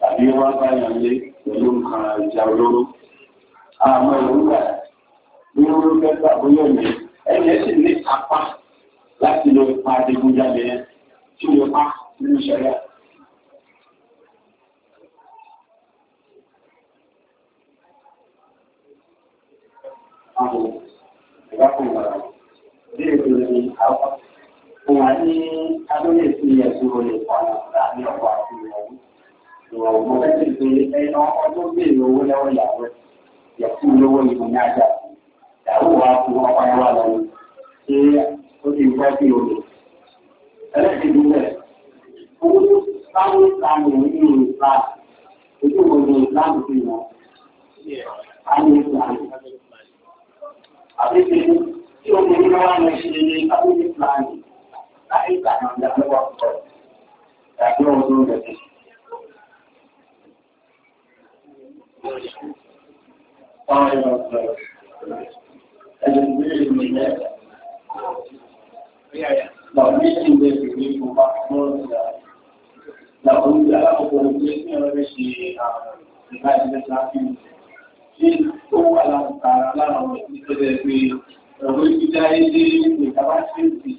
tàbí wá báyàn lé pẹ̀lú nǹkan ìjà olóró. Àwọn èròǹgbà ní oró fẹ́ gbà bóyá mi, ẹ̀yẹ sì ní apá láti lọ pa adigunjalè yẹn tí ó pa nínú ìṣẹ̀lẹ̀. Àwọn ìbéèrè tó lè àwọn fún wa ní adóyè sí ẹ̀sùn olè pààlà láàrin ọ̀pọ̀ àti ìyàwó. Ìwọ̀n mo fẹ́ sì pé ẹni ọdún béèrè owó lọ́wọ́ ìyàwó ẹ̀ yẹ̀kú lówó ìbò ní ajá. Ìyàwó wa fún ọkọ ẹ̀ wà lọ́wọ́ ṣé ó ti gbọ́ sí olè. Ẹlẹ́sìn ìbílẹ̀ fún sáwọn ìsàmì nínú ìsàmì ojú wo ni ìsàmì fi wọn. Àmì ìsàmì. Àbíkí tí obìnrin bá wà lọ ṣe abúlé fúlàní láì ìgbàna ọjà lọ́wọ́ ọ̀pọ̀ ìgbàgbé ọdún rẹ̀ bí. Ẹ̀jẹ̀ ìgbéyìí mi lẹ́yìn. Bàbá mi ti ń bẹ̀rẹ̀ ní ìfowópamọ́ ọ̀dà. Bàbá mi ti alákòókò ìgbé ní ọ̀rẹ́ ṣe ìbáṣepọ̀ láti ṣe ó wà láti tara lára ọ̀rẹ́ òwe gbígbá ilé ìjọba ṣèǹtì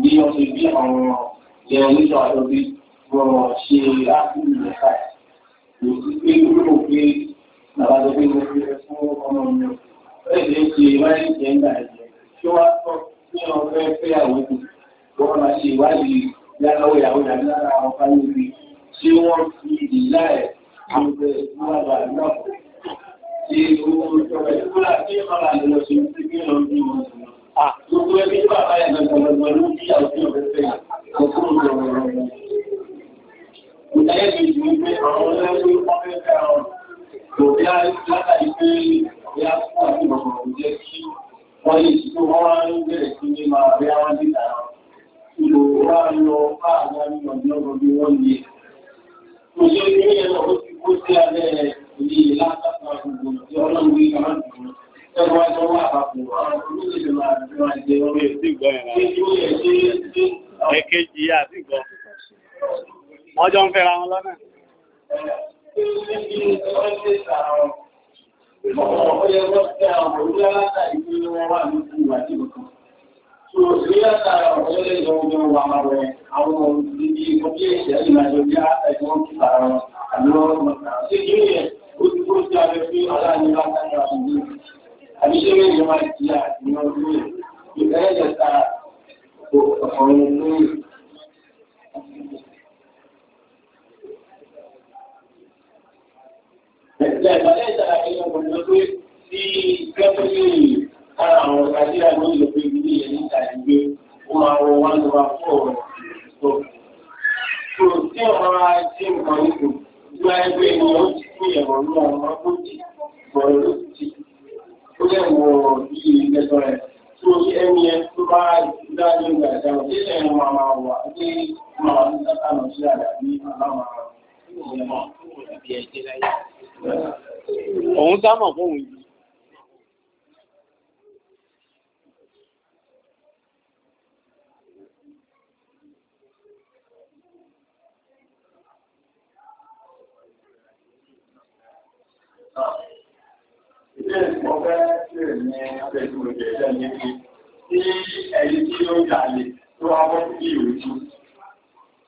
ní ọ̀sẹ̀ bí àwọn ìyẹn nílò àtọ́bí gbọ́rọ̀ ṣe ápùlù lẹ́ka kò sí pé wúlò pé bàbá tó gbé wọn fẹ́ fún ọmọ mi ó lè ṣe ìwádìí jẹ́ńdà ẹ̀jẹ̀ tí wọ́n sọ pé wọ́n fẹ́ fẹ́ àwọn òkú wọ́n máa ṣe ìwádìí yálọ́wọ́ ìyàwó ìyàwó lára àwọn fáwọn òbí tí wọ́n fi ìdílá ẹ̀ àwọn ọ̀gbẹ́ ìwádìí Gbogbo ẹbí bàbá ẹ̀gbẹ̀gbẹ̀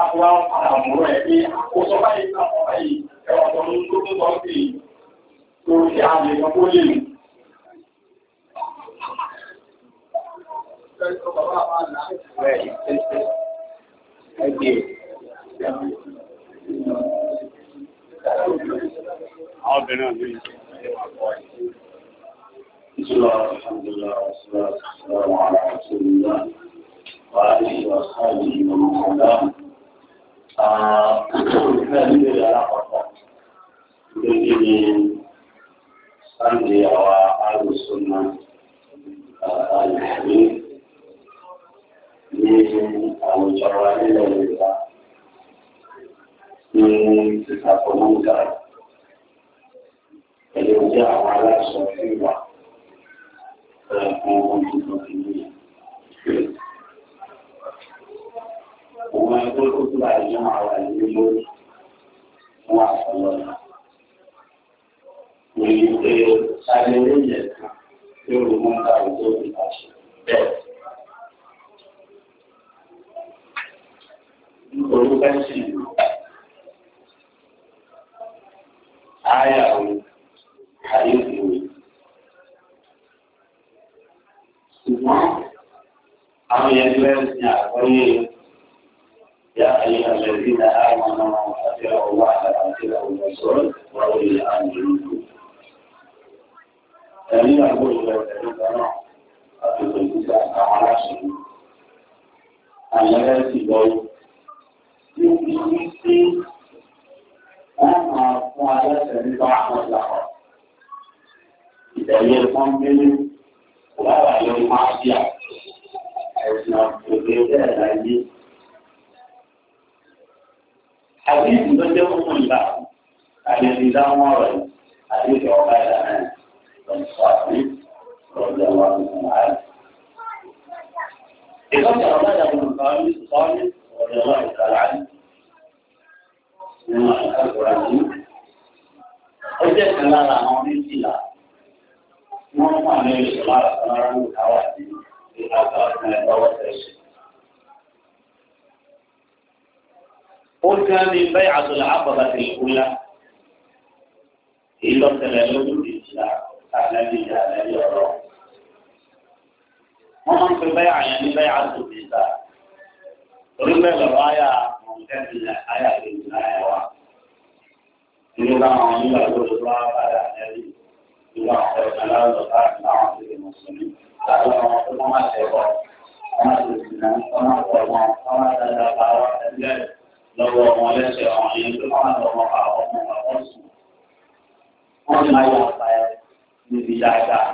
àwọn padà mọ̀rọ̀ ẹ̀ pé ó sọ báyìí náà wọ́n báyìí ẹwà tó ń tó tó sí tó sí àmì ìgbàgbó lè mú. Àwọn obìnrin ọ̀gbìn Ìjọba alhamdulillah, ọ̀sán ọ̀sán àwọn ará àti ìlú náà, wà ní ọ̀sán ìlú náà nígbà tí ìbéèrè alákọ̀ọ́kọ́ ló ní ní sáǹdì àwa alùsùnà àlùfẹ́ ní àwùjọ wa nílẹ̀ Yorùbá ní ìtàkùnmọ́ǹkà pẹ̀lú jẹ́ àwọn òun ẹni tó kó tó bá ìjọ àwọn àlejò lórí fún àtọlọ náà. Mo yí pé sáré lóye kan yóò ló mọ́ ká òjò ìbáṣe bẹ́ẹ̀. Nítorí pẹ́sì ayàwó àyèkúwò. Ṣùgbọ́n àwọn yẹn lẹ́sìn àgbọ́yé. يا أيها الذين آمنوا أطيعوا الله وأطيعوا الرسول وأولي الأمر منكم فمن أقول لك أطيعوا النساء أعراشهم أن لا يسيبوا يمكن أن أعرف nípa àwọn ìlànà ìtẹ̀lé fún mímú lára ìlú máa bí a ẹ̀sìn àgbègbè bẹ́ẹ̀ láyé. àdéhùn ló jẹ́ fún fún ìlà àdéhùn ìdáhùn ọ̀rọ̀ àdéhùn ọ̀gá ìlànà ìtọ́jú àti ọ̀gá wa fún ààrẹ. ìtọ́jú ọ̀gá ìdàgbọ̀n kan ní sọ́ọ́lì ọ̀gá wa ìtàlá nínú àkàkùrà ní. ó jẹ́ kan lára àwọn méjìlá wọ́n fún àmì ìṣòwò àtàwọn arúgbó káwá sí ìlànà ìtọ́jú قلت من بيعة العقبة الأولى إلى تلالون الإسلام الذي لا يرى ومن في البيعة يعني بيعة النساء رمى الراية ممتدلة الحياة في الآية إذا عمل الله على النبي إذا أخرجنا له الزكاة نعم في المسلمين هذا ما أقول ما شيء وما تزنى وما تزنى وما تزنى وما تزنى lọ́wọ́ wọn lẹ́sẹ̀ àwọn ẹni tó máa ń lọ́wọ́ àwọn ọmọ àwọn sùn. Wọ́n ní ayọ̀ àpá ẹ níbi dáadáa.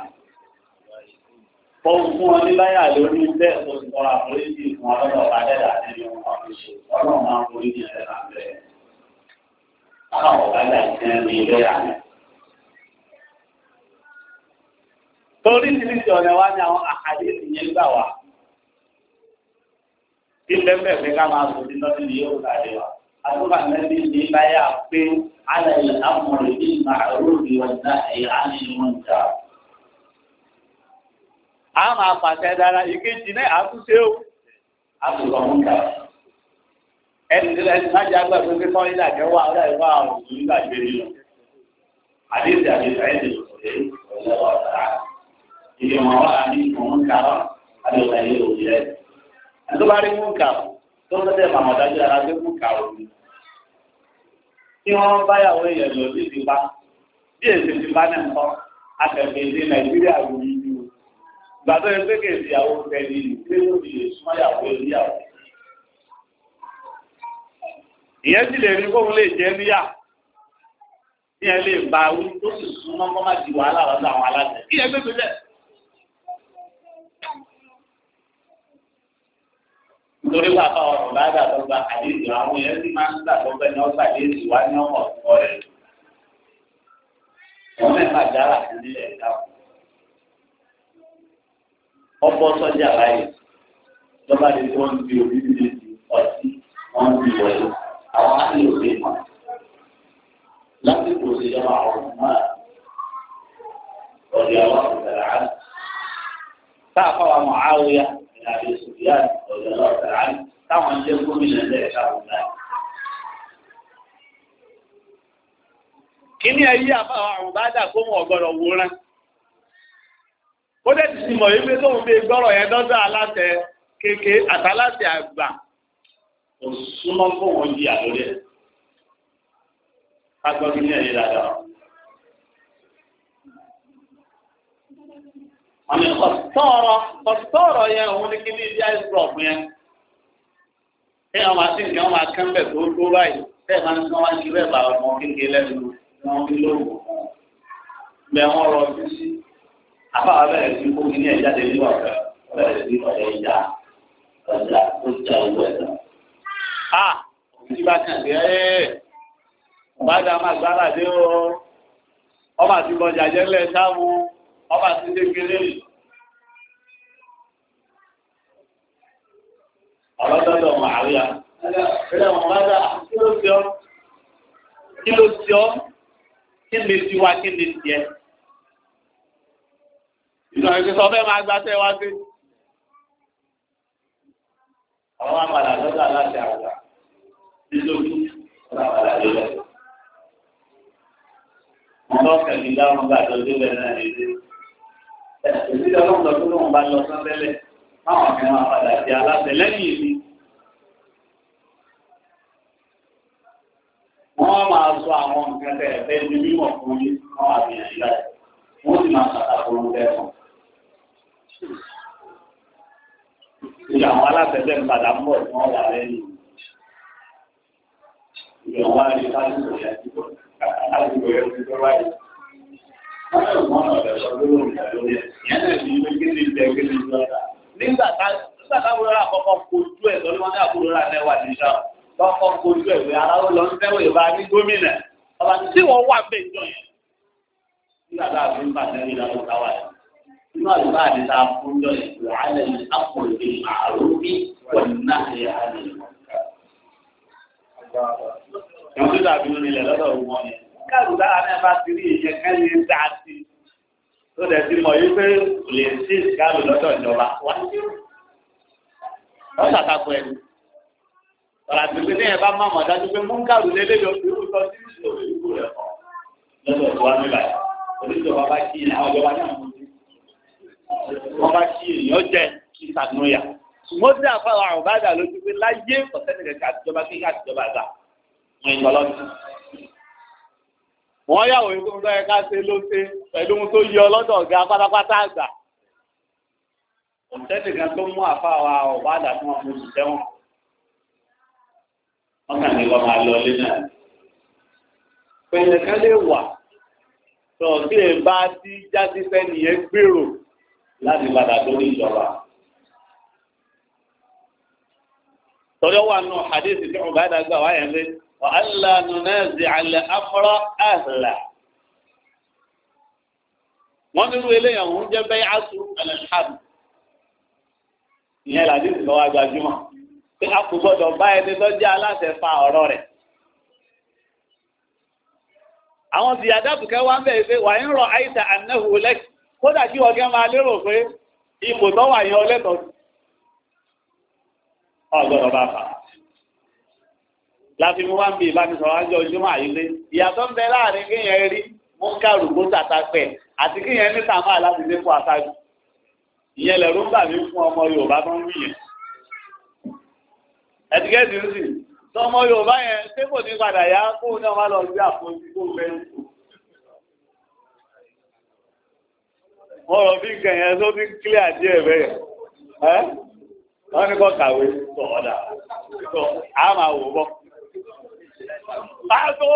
Ohun fún wọn ní lórí bẹ́ẹ̀ tó ti tọ́ra àforíjì fún ọlọ́dọ̀ Adẹ́dà nínú ọ̀fíìsì ọlọ́run máa ń forí ní ẹ̀rẹ́ lábẹ́. Àwọn ọ̀gájà ìṣẹ́ ní Torí ní ti wá ní àwọn àkàdé ìyẹn gbà wá ilẹ̀ bẹ́ẹ̀ fi ká máa sùn nínú ní yóò ká lè wa àtúbà nẹ́bí ní báyà pé alẹ́ ilẹ̀ amọ̀rẹ́ ní màrúù ní ọjà ẹ̀yà ní ìwọ̀n jà. a máa pàṣẹ dára ìkejì náà àtúnṣe o àtúnṣe ọ̀hún jà. ẹni tí lẹ́yìn má jẹ́ agbá pé kíkọ́ ilé àjẹ́ wà ọ̀rẹ́ ìwà àwọn nígbà gbé mi lọ. àdéhùn àdéhùn ẹ̀dẹ̀ òṣèlú ọ̀rẹ́ ọ̀rẹ́ ìgbìmọ̀ wà ní ìwọ̀n jà náà àdéhùn ẹ̀yẹ òṣèlú àti bá rí múkà tó ń tẹ́tẹ́ màmá dájú ara gbé múkà òní. tí wọ́n báyàwó èèyàn lò ní ìdìbá bí èsì ti bá náà kọ́ akẹ́kẹ́ ìdí nàìjíríà wò ní ìlú. ìgbà tó yẹ pé kèsì ìyàwó kẹ́ni ìgbé lórí ìsúnmọ́yàwó ìyàwó. ìyẹn sì lè rí kóun lè jẹ́ níyà ìyẹn lè ba wí tó sì súnmọ́ kọ́ má di wàhálà lọ́dọ̀ àwọn aláṣẹ. ìyẹn gbé torí wà fáwọn ọ̀rọ̀ bá dà lọ́gbà àdéhùn àwọn yẹn ti máa ń gbà lọ́gbà ní ọgbà àdéhùn wá ní ọmọ ọ̀tọ̀ rẹ̀. wọ́n mẹ́fà jára nílẹ̀ ẹ̀dá ọ̀pọ̀ sọ́jà láyé lọ́ba ni wọ́n ń fi òbí mi ọtí wọ́n ń fi wọlé àwọn á ní òbí mọ́. lásìkò ìṣèjọba àwọn ọmọ ọ̀dẹ̀ àwọn ọ̀dẹ̀ àá. táà fáwọn mọ̀ áwòyá ìlànà èso ìyá ọ̀dọ̀ ọ̀dọ̀ àti táwọn ilé gómìnà lẹ́ẹ̀ káwọn náà. kíní ẹyí àrùn bá dà kó mọ̀ ọ̀gbọ̀rọ̀ wòran ó dẹ̀ ti mọ̀ wípé tó ń fi gbọ́rọ̀ yẹn dọ́dọ̀ aláṣẹ kéèké àtàláṣẹ àgbà kò súnmọ́ fún wọn di àlórí ẹ̀ ká gbọ́ kíní ẹyí dáadáa. wọ́n ní kọ́ kọ̀tọ́ọ̀rọ̀ kọ̀tọ́ọ̀rọ̀ yẹn òun ni kí ní ilé àìsàn yẹn kí wọ́n máa ti nìkan máa kán bẹ̀ tó tó báyìí bẹ́ẹ̀ máa ń sọ wá ju bẹ́ẹ̀ bá ọmọ kékeré lẹ́nu wọn ní lóògùn bẹ́ẹ̀ wọ́n rọ ọdún sí àbáwá bẹ̀rẹ̀ sí kó kí ní ẹ̀ jáde ní ọ̀rẹ́ bẹ̀rẹ̀ sí ọ̀rẹ́ ìjà ọ̀jà tó já owó ẹ̀ a ti bá kàn dé ẹ́ ọ̀bádà máa gbára dé o ọba ti bọjà jẹ́lẹ̀ sáwọn ọba ti dé kéré yìí. ọlọ́dọ́dọ̀ màríà ẹ̀rẹ́ wọn bá dà kí ló ti ọ́ kí ló ti ọ́ kí ni ti wá kí ni tiẹ̀. ìgbà yìí sọ fẹ́ máa gbaṣẹ́ wá sí. àwọn máa padà lọ́dọ̀ aláṣẹ àgbà nítorí ọ̀nà padà lélẹ̀. wọn bá kẹ̀kẹ́ dáhùn gbàdọ̀ débẹ̀ náà lé dé. ẹ̀sìn ìdílé ọlọ́run lọ́dún lóun bá lọ sán tẹ́lẹ̀. Táwọn kan máa padà di aláṣẹ lẹ́yìn mi. Wọ́n máa sọ àwọn nǹkan tẹ̀ ẹ̀fẹ́ ní mímọ̀ fún yín, wọ́n máa gbìyànjú láti. Wọ́n sì máa ṣàtàkùn oúnjẹ fún. Ìyá àwọn aláṣẹ bẹ́ẹ̀ ń padà ń tí wọ́n wà lẹ́yìn. Ìyá wa rí lásìkò yẹn ti bọ̀ lásìkò yẹn ti bọ̀ wáyé. Wọ́n yóò mọ̀ ọ̀dọ̀ sọ lórí òǹkà lórí Ìyẹn náà ní ilé kéde ìjẹ́ kéde ìjọba nígbà táwọn ọlọ́rà kọ́kọ́ kojú ẹ̀ lọ́nà wọn ní àbúrò rà lẹ́wà níjà kọ́kọ́ kojú ẹ̀ wẹ́ aláwọ̀ lọ ń fẹ́wọ̀ ìbá ní gómìnà ọba tí wọ́n wà bẹ́ẹ̀ jọ yẹn. nígbà tá a fi ń bà sẹ́yìn lọ́wọ́ táwa yẹn inú àlùbá àti tá a fún jọ yẹn wà á lẹ́yìn àpòlùbí àròbí wọ̀n náà yẹ á lè mọ̀ ká. ìwọ́n tó dàbí nílẹ̀ lọ́dọ̀ tó dẹ̀ ti mọ̀ yìí pé kò lè sí ìsìkáàlù lọ́dọ̀ ìjọba wá wọ́n ṣàtàkùn ẹ̀mí ọ̀rọ̀ àti pé téèyàn bá má mọ̀ dájú pé múngàrú lé lélẹ̀ òkú ìlú sọ sí ìṣòro ìlú rẹ̀ kọ́ lọ́dọ̀ tó wá níbà oníṣòwò bá kí ìlà àwọn ìjọba náà wọ́n bá kí èèyàn jẹ kí sànúyà ṣùgbọ́n dà lójú pé láyé ọ̀sẹ̀ nìkan kí àtijọba gbà wọ́n ń wọ́n yàwó ìgbóhùn tó yẹ ká ṣe ló ṣe pẹ̀lú ohun tó yọ lọ́dọ̀ ọ̀gá pátápátá àgbà. òǹtẹ́nì kan tó mú àfa wa ọ̀bá àdá fún ọmọ oṣù tẹ́wọ̀n. wọ́n kàn ní wọ́n máa lọ ilé náà. pẹ̀lẹ́ lè wà tó tí ẹ bá ti jáde sẹ́ni yẹn gbèrò láti padà lórí ìjọba. tọ́jọ́ wà nù hadith tí ọ̀gá àdá gbà wáyé ń lé. وألا ننازع الأمر أهلا wọ́n nínú eléyàn jẹ́ bẹ́ẹ̀ aṣọ ẹlẹ́ṣáàbù ìyẹn làdí ìsìn lọ́wọ́ agbájúmọ̀ pé a kò gbọ́dọ̀ bá ẹni tó aláṣẹ fa ọ̀rọ̀ rẹ̀. àwọn ti àdàbùkẹ́ wá ń bẹ̀rẹ̀ pé wà ń rọ àìsàn lẹ́kì kódà kí wọ́n gẹ́ máa lérò pé ipò tó wà yẹn láti mú wá ń bí ìbánisọ̀rọ̀ wájú ojúmọ́ àyílé ìyàtọ̀ ń bẹ láàrin kéèyàn rí mú kárù kó tàtàpẹ̀ àti kéèyàn ní tàmá láti dé fún àtàjù ìyẹn lẹ̀rú ń bà mí fún ọmọ Yorùbá tó ń wíyẹn ẹ̀dígẹ́dì ń sì tó ọmọ Yorùbá yẹn ṣé kò ní padà yá kó náà má lọ sí àfojì kó fẹ́ wọ́n rọ bí nǹkan yẹn tó ti kílẹ̀ àdíẹ̀ bẹ́ẹ̀ wọ́n ní kọ́ kàwé tọ̀ ọ̀dà tọ̀ á máa wò bọ́ pàtó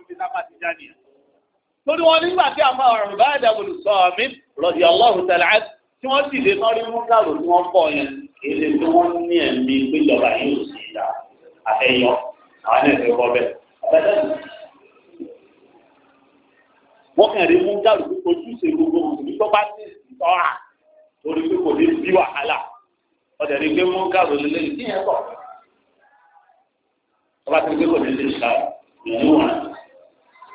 ibi tá a bá ti jáde. torí wọn nígbà tí a máa rọrùn báyìí dàgbòlù sọ mí lọ́dí ọlọ́run tẹ̀lé á tí wọ́n sì lè tọ́rí mú káàrò tí wọ́n pọ̀ yẹn èdè tí wọ́n ní ẹ̀mí péjọba yìí ò sí ìdá àfẹ́yọ àwọn ẹ̀fẹ́ bọ́ bẹ́ẹ̀. wọ́n kàn rí mú káàrò tí ojúṣe gbogbo mùsùlùmí tó bá ti sọ́ra torí pé kò ní bí wàhálà ọ̀dẹ̀ ni pé mú káàrò lélẹ́yìn kí yẹn sọ̀rọ̀ ọba tó gbé kò ní lè ṣá ìlú wọn.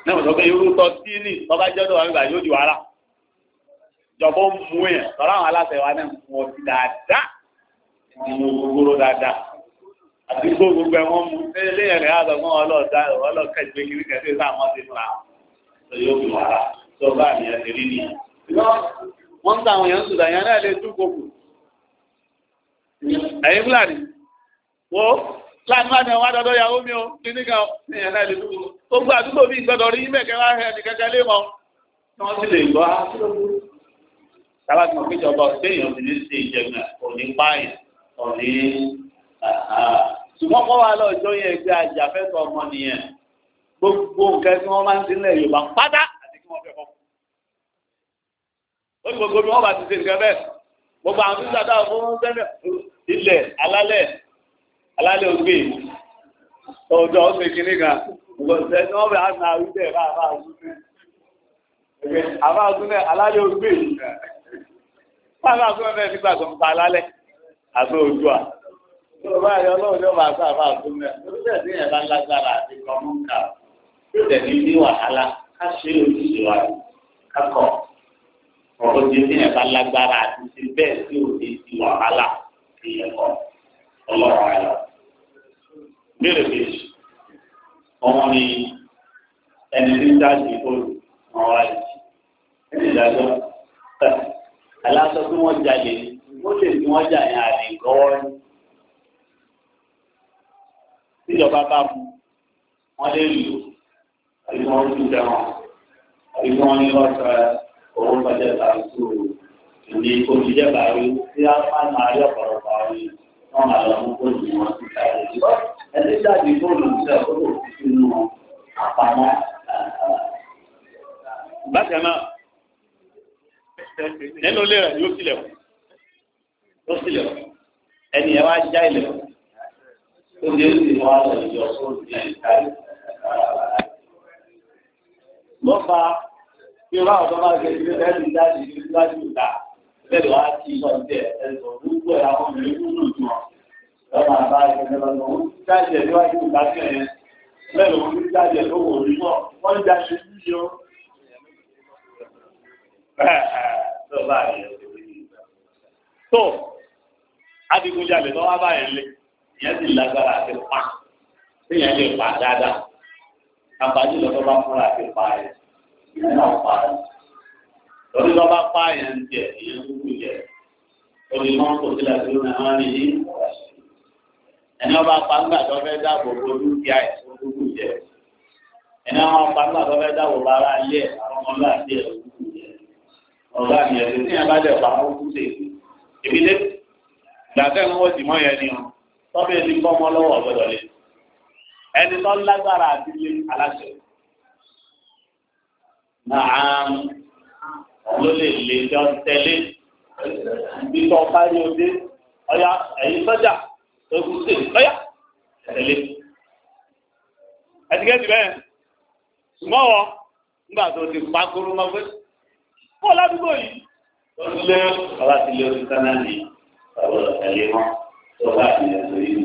náà wọ́n sọ pé irú tọ́ sí ní ọba jọ́dọ̀ wọn gbà yóò di wàhálà. ìjọba ń mú yẹn tọ́lá àwọn aláṣẹ wa náà mú ọtí dáadáa ìdìbò gbogbo dáadáa. àti gbogbo gbogbo ẹ̀wọ̀n mú eléyẹn rẹ̀ àgbà mọ́ ọlọ́ọ̀dá ọlọ́ọ̀kẹ́gbẹ́ kiri kẹsẹ̀ sáwọn ti fura tó yóò tó bá àmì ń ta àwọn yẹn náà lè dúkokù ẹ̀yin fúlàní wọ́n láti máa tẹ̀wọ́n àdọ́dọ́ ìyàwó mi ó ní nígbà ìyẹn náà lè dúró ó gbà àdúgbò bí ìgbọ́dọ̀ rí mẹ́kẹ́ wá ẹ̀ ní kẹ́kẹ́ lé mọ́ ní wọ́n sì lè gbọ́ á sábà tí wọ́n fi jọba ọ̀sẹ̀yìn òbí ní ṣe ìjẹ̀gbẹ̀ òní páyìn òní ṣùgbọ́n kọ́ wa lọ́jọ́ yẹn gbé àjàfẹ́tọ̀ ọmọ nìyẹn gbogbo nǹkan tí wọ́n máa ń sílẹ̀ Yorùbá pátá àti kí wọ́n fẹ́ kọ́ ó ní gbogbo bí wọ́n bá ti ṣe nǹkan bẹ́ẹ̀ gbogbo àwọn tí ń alálẹ́ ògbé ọ̀dọ́ ọ̀sẹ̀ kìíní kan ọ̀sẹ̀ ní wọ́n bẹ̀ á na àrúdẹ̀ àbá àgúnlẹ̀ alálẹ́ ògbé fáwọn àgúnlẹ̀ nígbà tó ń pa alálẹ̀ àbí ojú à ọba àyọ ọlọ́run yóò máa sáà máa tún mẹ́ lórílẹ̀ ní ẹ̀rá lágbára àti kọ́múkà yóò tẹ̀lé ní wàhálà ká ṣe òṣìṣẹ́ wa kákọ̀ ọ̀rọ̀ ti ní ẹ̀rá lágbára àti ṣe bẹ́ẹ̀ sí òde ti wàhálà ti yẹ kọ́ ọlọ́run ayọ̀ béèrè kejì ọmọ ni ẹni tí ń dájú ìkọlù wọn wá yìí ẹni ìdájọ́ aláṣọ tí wọ́n jalè wọ́n lè tí wọ́n jà yẹn àlè gọ́wọ́ ni tíjọba bá mu wọ́n lè lò àbí wọ́n lù dẹ́wọ̀n àbí wọ́n ní ọ̀sẹ̀ owó pàjẹ́ tààtù ìní olùjẹ́bàárí tí a máa ń máa yọ̀ pọ̀rọ̀pọ̀ àwọn yìí wọ́n máa lọ mú kó ilé rẹ̀ yóò sílẹ̀ yóò sílẹ̀ ẹni ẹ wá já ilẹ̀ ó lé ní wọn á lọ yọ fún ìdílé káyọ̀. wọ́n fa bí wọ́n àwọn ọmọ àgbẹ̀ ìdílé bẹ́ẹ̀ ní dájú ìdílé dájú ìta bẹ́ẹ̀ wá sí ọ̀dẹ̀ ẹ̀sọ̀ gbogbo ẹ̀ àwọn ọmọ ìlú lù jù wọn. lọ́nà àbá ìṣẹ̀lẹ̀ lọ́nà òun jáde ẹ̀ níwájú ìgbà bẹ́ẹ̀ ló ń jáde lówó orí náà wọ́n jáde níyọ tó bá rẹ̀ lọ sí orí ìgbà. tó adigunjalè lọ́wọ́ báyẹn lé ìyẹn sì lágbára àti pa téèyàn lè pa dáadáa àbájú lọ́tọ́ bá fúnra àti pa ẹ̀ ìyẹn náà pa ẹ̀ lórí lọ́ bá pa ẹ̀ ń jẹ ìyẹn kúkú jẹ orí mọ́tò sílẹ̀ tó ń rán ní yìí ẹni ọba pàǹgbà tó fẹ́ dáàbò bo dúkìá ẹ̀ kúkú jẹ ẹni ọba pàǹgbà tó fẹ́ dáàbò bo ara ilé àwọn ọmọ náà ti ẹ̀ kú ọ̀gá mi ẹ̀sìn tí yẹn bá dẹ̀ pa ó kú sí èmi lé gbàgbé ń wọ́n sì mọ́ yẹn ni o tọ́bí ẹni bọ́ mọ́ lọ́wọ́ ọ̀gbọ́dọ̀ lé ẹni tó lágbára àti lé aláṣẹ náà ló lè lè jọ tẹ̀lé ibi tó bá rí o dé ọ̀yà ẹ̀yin sọ́jà tó kú sí ọ̀yà tẹ̀lé ẹ̀sìn kẹ́sì bẹ́ẹ̀ sùmọ́wọ́ nígbà tó ti pa kúrú mọ́ pọ̀ ládùúgbò yìí. lọ́sílẹ̀ ọba ti lé orí kánálì ọ̀rọ̀ ẹ̀lẹ́ wọn tó bá ti lè sọ yìí.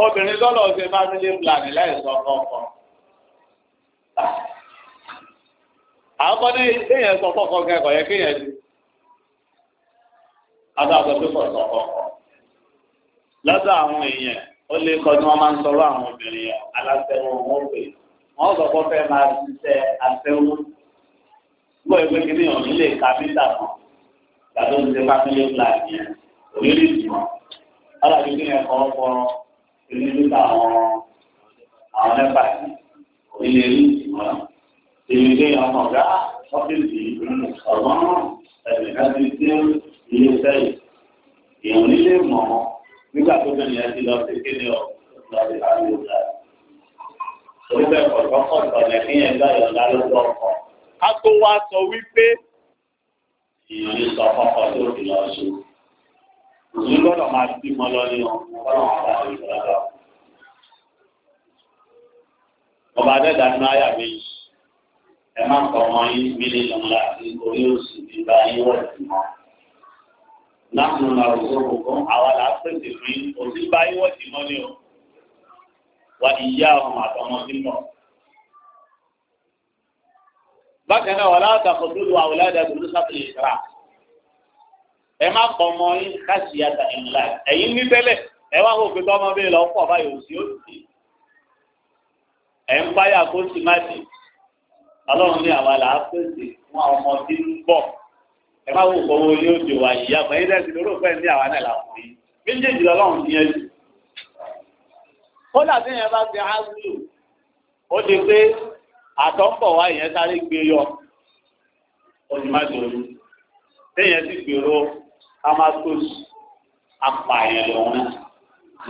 obìnrin lọ́lọ́ ṣe family planning láìsọ ọkọ̀ àwọn ní kéèyàn sọ fọ́kọ́ kẹ́kọ̀ọ́ yẹ kéèyàn ju adájọ́ tó kọ̀ sọ fọ́kọ́ lọ́dọ̀ àwọn èèyàn ó lè kọ́ ni wọ́n máa ń sọ̀rọ̀ àwọn obìnrin yẹn aláṣẹ́wọ̀n wọn pè wọ́n sọ fọ́ fẹ́ máa ṣiṣẹ́ aṣẹ́wó gbọ́ ẹgbẹ́ kìíní ọ̀hún lè ka mítà gbàdó ń ṣe fámílì fúláàtì yẹn òní lè jù wọn. alábí kí ẹ̀kọ́ ọkọ ìlú mítà àwọn àwọn nẹ́pà yìí òní lè rí wọn. èmi kí ni ọmọ ọ̀gá ọ́fíìsì ọ̀gbọ́n ẹ̀sìn káfí sí ilé sẹ́yìn. èèyàn nílé mọ̀ nígbà tó bẹ̀rẹ̀ yẹn ti lọ sí kí ọ̀ lọ sí fámílì fúláàtì. orí bẹ́ẹ̀ kọ̀ọ̀kan ká tó wá sọ wípé ìyọ̀ní sọ kọ́kọ́ tó fi lọ ṣe. Òní gbọ́dọ̀ máa bí mọ lọ ní ọ̀rọ̀ àwọn àwọn ìgbàlá. Ọba Adẹ́dà ní àyà méjì. Ẹ má kọ̀ ọmọ yín mílí lọ́la sí orí òsì nígbà yín wọ̀ sí mọ́. Láàmú la òwúrò kókó àwa là á pèsè fún yín. Òsì bá yín wọ̀ sí mọ́ ni o. Wà ìyá ọmọ àtọmọ sí mọ́ bákan náà wàlá àtàkùnrin wà wàlá àdàkùn ní sátìlì ìsirà ẹ má pọ ọmọ yín káṣí àtà ìmùlá ẹ̀yin ní tẹ́lẹ̀ ẹ wá òfin tó ọmọ bíi lọ pọ báyìí òsì òsì ẹ ń báyà kó sì má dé Ọlọ́run ní àwa là á pèsè fún àwọn ọmọ tí ń bọ̀ ẹ má wò owó yóò dé wa yìí àmọ́ ẹ̀yin lẹsìn lórí òfin ní àwa náà àtọ̀ ń bọ̀ wá ìyẹn sáré gbé yọ olùmọ̀jòrò téèyàn sì gbèrò amatos apààyàn lòun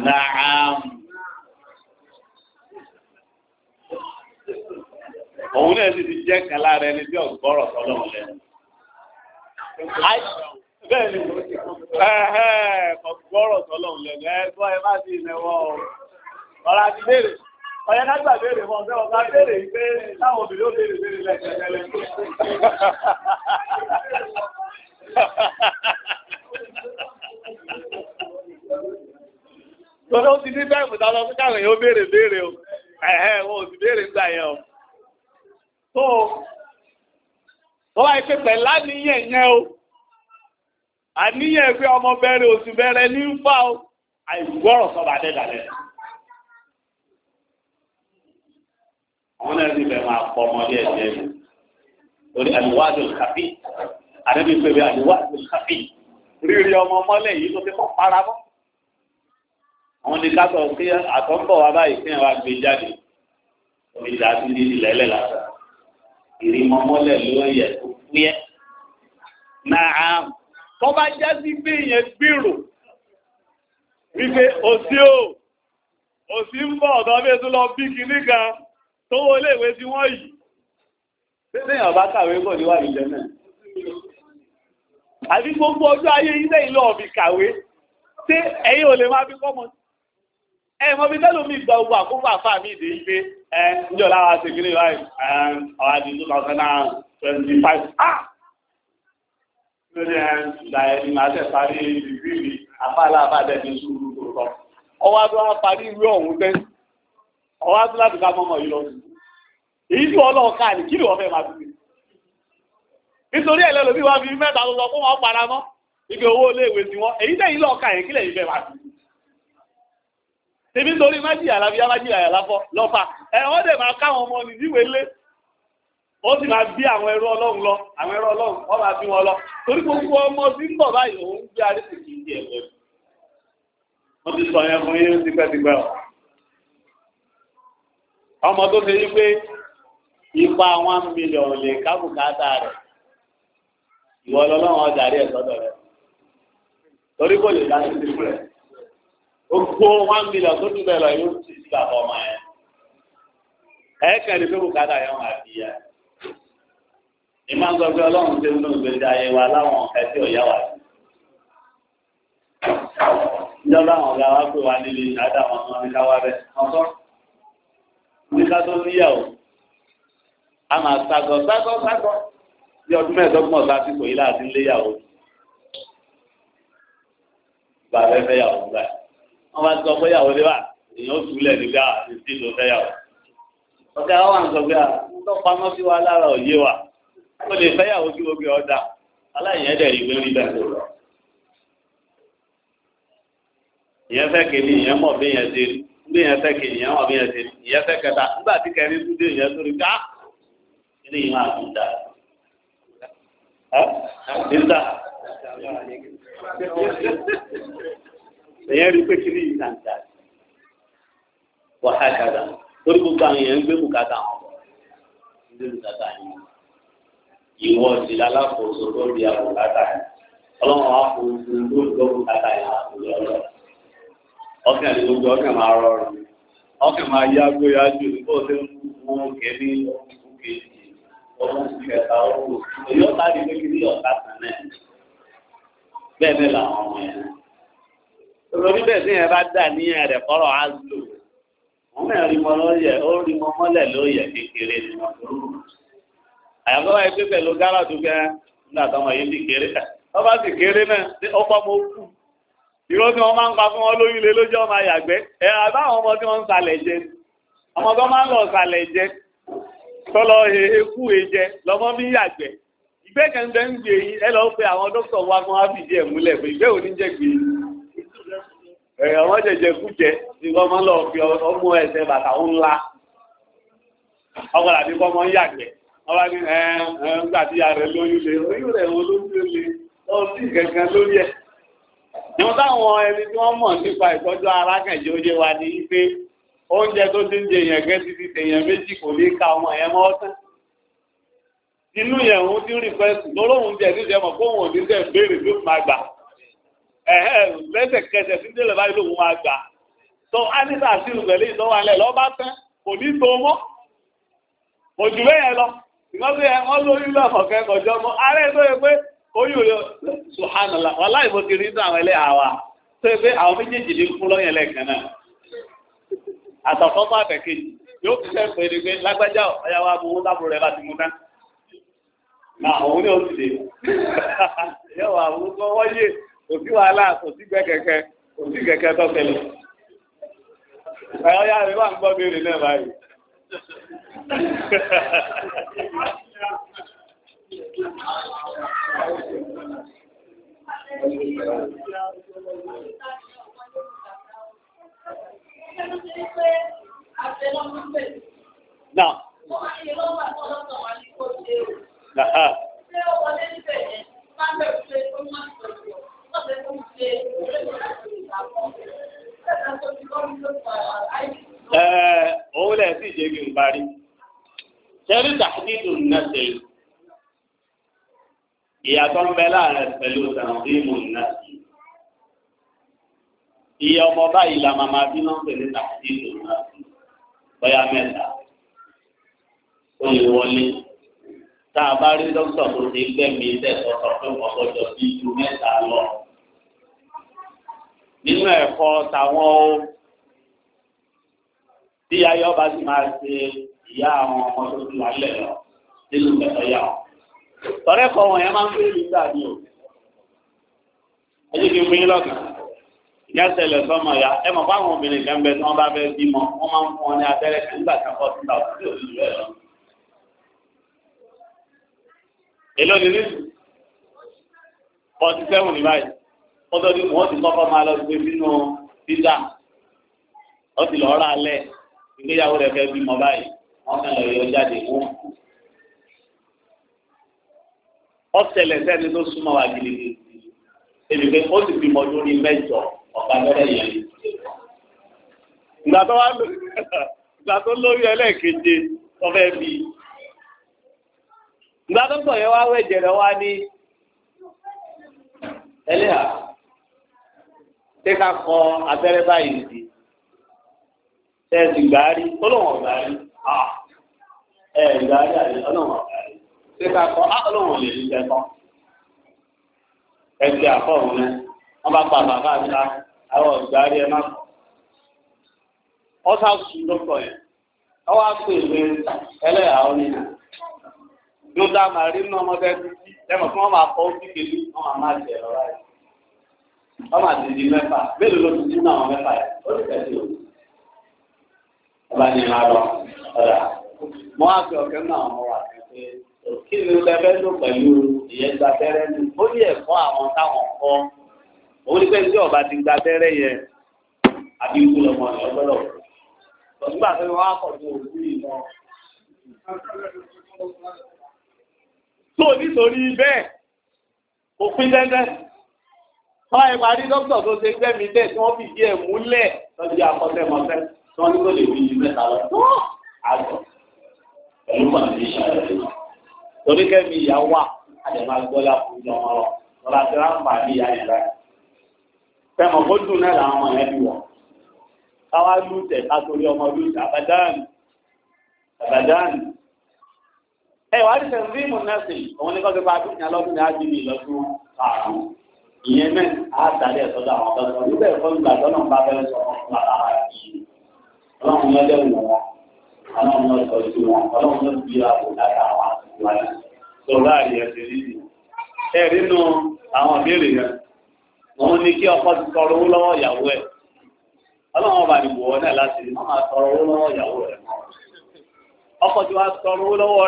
náà òun náà sì ti jẹ́ kan lára ẹni tí ọ̀gbọ́rọ̀ Ọ̀yẹ́ lágbà béèrè wọn fẹ́ ọba béèrè pé táwọn obìnrin ó béèrè béèrè lẹ́gbẹ̀ẹ́lẹ́. Tọ́lá ó ti ní bẹ́ẹ̀ táwọn ọkùnrin káwọn èèyàn béèrè béèrè o. Ẹ̀hẹ́ wọn ò sì béèrè ń gbà yẹn o. Tó o, wọ́n wáyé pé pẹ̀lá níyẹn yẹn o. Àníyàn pé ọmọ bẹ̀rẹ̀ oṣù bẹ̀rẹ̀ ní ń fà o. Àìgbọ́rọ̀ sọ̀bà dẹ́dà àwọn náà ti fẹ́ máa pọ̀ ọmọdé ẹ̀jẹ̀ mi lórí àdìwádìí olùkàfí àdébí pèbè àdìwádìí olùkàfí rírí ọmọ mọ́lẹ̀ yìí tó ti kọ́ para mọ́. àwọn ní kásọ̀ pé àtọ́ńbọ̀ wa báyìí fi hàn wá gbé jáde omi ìlà ti di ilẹ̀ ẹlẹ́ lásán ìrìmọ̀ mọ́lẹ̀ ló yẹ tó fúyẹ́. nàá tọ́ba jáde gbé yẹn gbèrò wípé òsì ò òsì ń bọ̀ ọ̀dọ́ bí ètò lọ bí kinní kan tó wọ ilé ìwé tí wọ́n yìí tẹ́lẹ̀yàn bá kàwé bọ̀ níwà ìjẹ náà àbí gbogbo ọjọ́ ayé ilé ìlọ ọ̀bì kàwé tí ẹ̀yin ò lè máa fi kọ́mọ ẹ̀mọ́ bí tẹ́lù mi gba ogun àkókò àfà mi ìdè ìgbé ẹ̀ ń jọ lára ṣe kiri báyìí ọ̀rọ̀ àti 2025 ah lórí ẹ̀ ìgbà ẹni máa tẹ̀ parí ìrírí àfà aláàbà dẹ̀ ní sùúrù tó kọ́ ọwọ́ adúlá parí ìwé ọ̀hún tẹ́sí ọwá tó láti ká mọ́mọ́ yìí lọ sí èyí tí wọ́n lọ́ọ̀ ní kí ló fẹ́ máa fi nítorí wá fi mẹ́ta lọ fún wọn para mọ́ ibi owó iléèwé sí wọn èyí tẹ̀yìn lọ́ọ̀ yẹn kí lẹ́yìn fẹ́ máa fi tèmi torí májìyà lọ́fà ẹ̀ wọ́n dẹ̀ káwọn ọmọ nì ó sì máa bí àwọn ẹrú ọlọ́run lọ àwọn ẹrú ọlọ́run wọ́n máa bí wọn lọ torí gbogbo ọmọ sí ń bọ̀ báyìí òun gbé ọmọ tó ṣe wípé ipa one million lè kábùkátà rẹ̀ ìwọ lọ́lọ́run ọjà rí ẹ̀sọ́dọ̀ rẹ̀ torí kò lè dá sí ìdílé o gbogbo one million tó tún bẹ̀ lọ yóò ti sí bàbá ọmọ yẹn ẹ̀ẹ́kẹ́ ni pé bùkátà yẹn wà bí yẹn ìmọ̀ nǹkan pé ọlọ́run ṣe ń lò lórí ayé wa láwọn ẹ̀sìn ọ̀yá wa sí ìjọba àwọn ọ̀gá wa pè wá nílé ìṣáájú àwọn ọmọ mi káwá bẹ́ẹ̀ ọ̀tọ́ nígbà tó níyàwó a máa ságọ ságọ ságọ bí ọdún mẹ́ẹ̀ẹ́dọ́gbọ̀n sásìkò yìí láti léyàwó gba fẹ́fẹ́ yàwó gbà wọ́n bá sọ pé yàwó lébà èèyàn ó túlẹ̀ nígbà ah, títí tó fẹ́ yàwó ọ̀gá wa ń sọ pé àtọ́ ah, pamọ́ sí wa lára òye wa ó lè fẹ́ yàwó kí gbogbo ọ̀dà aláìyẹn dẹ̀ rí wẹ́rí bẹ́ẹ̀ tó lọ. ìyẹn fẹ́ kéde ìyẹn mọ̀ bí ìyẹn ṣe rí bí yẹn fẹ́ kejì yẹn wà bí yẹn ṣe ìyẹn fẹ́ kẹta nígbà tí kẹrin tún dé ìyẹn tó rí ká ah! ilé yìí máa tún dà nígbà ìyẹn rí pé kiri yìí náà dà wàhálà kàdà torí gbogbo àwọn èèyàn ń gbé bùkátà wọn ń gbé bùkátà yìí ìwọ sí alákòóso lórí àbùkátà yìí ọlọ́run á fò ó lórí lórí bùkátà yìí àbùkátà yìí. ọkàn ní gbogbo ọkàn máa rọrùn ọkàn máa yá gbóyá jù nígbà tó ń mú òkè ní òkú ọmọ ìkẹta ọkọ èyí ọ̀tá ní pé ní ọ̀tá sàn bẹ́ẹ̀ bẹ́ẹ̀ làwọn ọmọ yẹn. níbẹ̀ bá dà ní ẹ̀rẹ̀ á lò mọ́ ó rí mọ́ mọ́lẹ̀ kékeré ìrọ́ tí wọ́n máa ń pa fún wọn lórílẹ̀ lójú ọmọ àyàgbẹ́ ẹ̀ àbáwọn ọmọ tí wọ́n ń sàlẹ̀ jẹ ọmọ tó máa ń lọ sàlẹ̀ jẹ tọ́lọ eku èjẹ lọ́mọ bí yàgbẹ́ ìgbẹ́ kẹ́ńtẹ́ ń gbé yín ẹ lọ pe àwọn dókítà wa kan á fìdí ẹ̀ múlẹ̀ pé ìgbẹ́ òní jẹ́ gbé ẹ̀ ọmọ jẹjẹ kú jẹ ni wọ́n máa ń lọ fi ọmọ ẹsẹ̀ bàtà ń la ọkọ̀ làbí kọ́ ọmọ yàgbẹ́ ọba ní ẹ̀ ẹ̀ ń gbà ìwọ̀n táwọn ẹni tí wọ́n mọ̀ nípa ìtọ́jú ara kẹ̀jẹ́ ó yé wa ní pé oúnjẹ tó ti ń jẹ yẹn gẹ́ títí tèèyàn méjì kò ní ka ọmọ yẹn mọ́ ọ́sán inú yẹn òun ti ń rí pẹ́sì lọ́rọ́ òun jẹ ní ìjẹmọ̀ kó òun ò ní sẹ́ béèrè ló máa gbà lẹ́sẹ̀kẹsẹ̀ tí délẹ̀ báyìí lòun máa gbà tó anisa sí ìrùbẹ̀lẹ́ ìtọ́wálẹ̀ lọ́ba tán kò ní tó mọ́ kò jù bẹ́ẹ̀ lọ ìgbọ́n tó yẹ wọ́n lórí lọ́fọ̀kẹ́ kọjọ́ mọ́ oyún yóò sùhánàlá wà láì mo ti rí àwọn ẹlẹ́yà wa tó ẹgbẹ́ àwọn méjèèjì ní fún lọ́yìn ẹlẹ́ẹ̀kan náà àtọ̀fọ́ bá àtẹ̀kejì yóò fi fẹ́ pé ni pé lágbájá ọ̀yà wa mú lábúrò rẹ̀ láti mú náà na òun ní òsì lè yóò wà mú kọ́ wọ́yé òsì wàhálà òsì gbẹ òsì kẹ̀kẹ́ tó tẹ̀lé ọ̀yà rẹ̀ wà ń gbọ́ mi rìn náà báyìí. Náà. Náà. Ẹ̀ẹ́ òun lẹ̀ sí ìṣègùn parí. Ṣẹ́rí tàbí dùn náà ṣe. ìyàtọ̀ ń bẹ láàrin pẹ̀lú tàǹdíìmù náà iye ọmọ báyìí la màmá bí náà ń pè ní tàǹdíìmù náà bóyá mẹ́ta ó lè wọlé tá a bá rí dókítà tó ti gbẹ̀mí tẹ̀sán sọ pé wọ́n gbọ́dọ̀ bí ju mẹ́ta lọ. nínú ẹ̀kọ́ tàwọn o tí ayọ́ bá ti máa ṣe ìyá àwọn ọmọ tó ti wà lẹ̀ lọ nínú ìgbẹ́tọ̀ yà wọ́n tọ́rẹ́ kọ́ wọn yẹn máa ń fèrè nígbà ní o ẹjẹ́ kí n fún yín lọ́kàn ìyá ṣẹlẹ̀ sọmọ ya ẹ mọ̀ fáwọn obìnrin kan bẹ tí wọ́n bá fẹ́ bímọ wọ́n máa ń fún wọn ní abẹ́rẹ́ kan nígbà kan fọ́ síta òtún yóò lù ẹ̀ lọ. èló ni ní forty seven ní báyìí ọdọ ni wọ́n ti kọ́kọ́ máa lọ gbé sínú bíjà wọ́n ti lọ́ọ́ rà lẹ̀ ìgbéyàwó rẹ̀ fẹ́ bímọ báyìí wọ́n kàn lọ yọ jáde fún ọ̀sẹ̀lẹ̀ sẹ́ni tó súnmọ́ wa gidigidi ebìgbé ó sì bímọ lórí mẹ́jọ ọ̀pá lọ́rẹ́ yẹn. ìgbà tó wá [laughs] ìgbà tó lórí ẹlẹ́ẹ̀keje ọ̀fẹ́ bíi ìgbà tó tọ̀ yẹn wá wẹ̀jẹ̀ rẹ̀ wá ní ṣé ká kọ abẹ́rẹ́ báyìí sí ṣe ti gbàárí tó lọ́wọ́ gbàárí ah, ẹ̀ àyè ọlọ́wọ́. ṣé ká kọ́ ákọ́lọ́wọ̀ lè ní sẹ́kọ́ ẹgbẹ́ àfọ̀hún rẹ wọ́n bá pa bàbá àta àwọn ọ̀gá ẹ má kọ́ ọ sá sùn lọ́kọ̀ yẹn ọ wá pè mí ọ nìyà rí nínú ọmọdé títí lẹ́mọ̀ fún wọn máa ó kékeré wọn máa má jẹ ọ̀rọ̀ rẹ wọ́n máa di mẹ́fà mélòó ló ti dín náà mẹ́fà yẹn ó ti tẹ̀sí o ọba ní ìlànà ọ̀dà wọ́n á fi náà wọ́n wà pé. kí o lẹ́fẹ́ lò pẹ̀lú ìyẹn gba abẹ́rẹ́ ni ó ní ẹ̀kọ́ àwọn táwọn kọ́ òun ni pé tí ọba ti gba abẹ́rẹ́ yẹn àbí ikú lọ́mọ rẹ̀ ọgbọ́dọ̀ nígbà tó wọ́n á kọ̀ tó òkú yìí náà. tó nítorí bẹ́ẹ̀ òpin dandan wọ́n á parí dókítà tó ṣe gbẹ́mí bẹ́ẹ̀ tí wọ́n fi di ẹ̀ múlẹ̀ lọ́jọ́ akọ́tẹ́mọfẹ́ tí wọ́n ní kó lè fi yí lọ. àgbọ̀ pẹ̀lú kọ̀ǹdíṣà rẹ̀ torí kẹ́mi ìyá wà àdèmà gbọ́lá fún ọmọ rọ ọ̀la tí wọ́n bá ní ìyá yẹn rẹ̀. fẹ́mọ̀ kó dùn náà làwọn ọmọ yẹn bí wọ̀. káwá lùtẹ̀ kátorí ọmọ lùtẹ̀ àbàdàn àbàdàn. ẹ wàá dìtẹ̀ ní ìmọ̀ náà sí òun ní kọ́kẹ́ bá a dúnyà lọ́dún ní ábìlì lọ́dún àrùn. ìyẹn náà á dàdé ẹ̀sọ́dọ̀ àwọn ọ̀dọ́ sọ̀rọ̀ àríyá ti rí ni àwọn ìbéèrè yẹn wọ́n ní kí ọkọ ti tọrọ owó lọ́wọ́ ìyàwó ẹ̀ ọlọ́wọ́n ní náà láti máa lọ́wọ́ tọrọ lọ́wọ́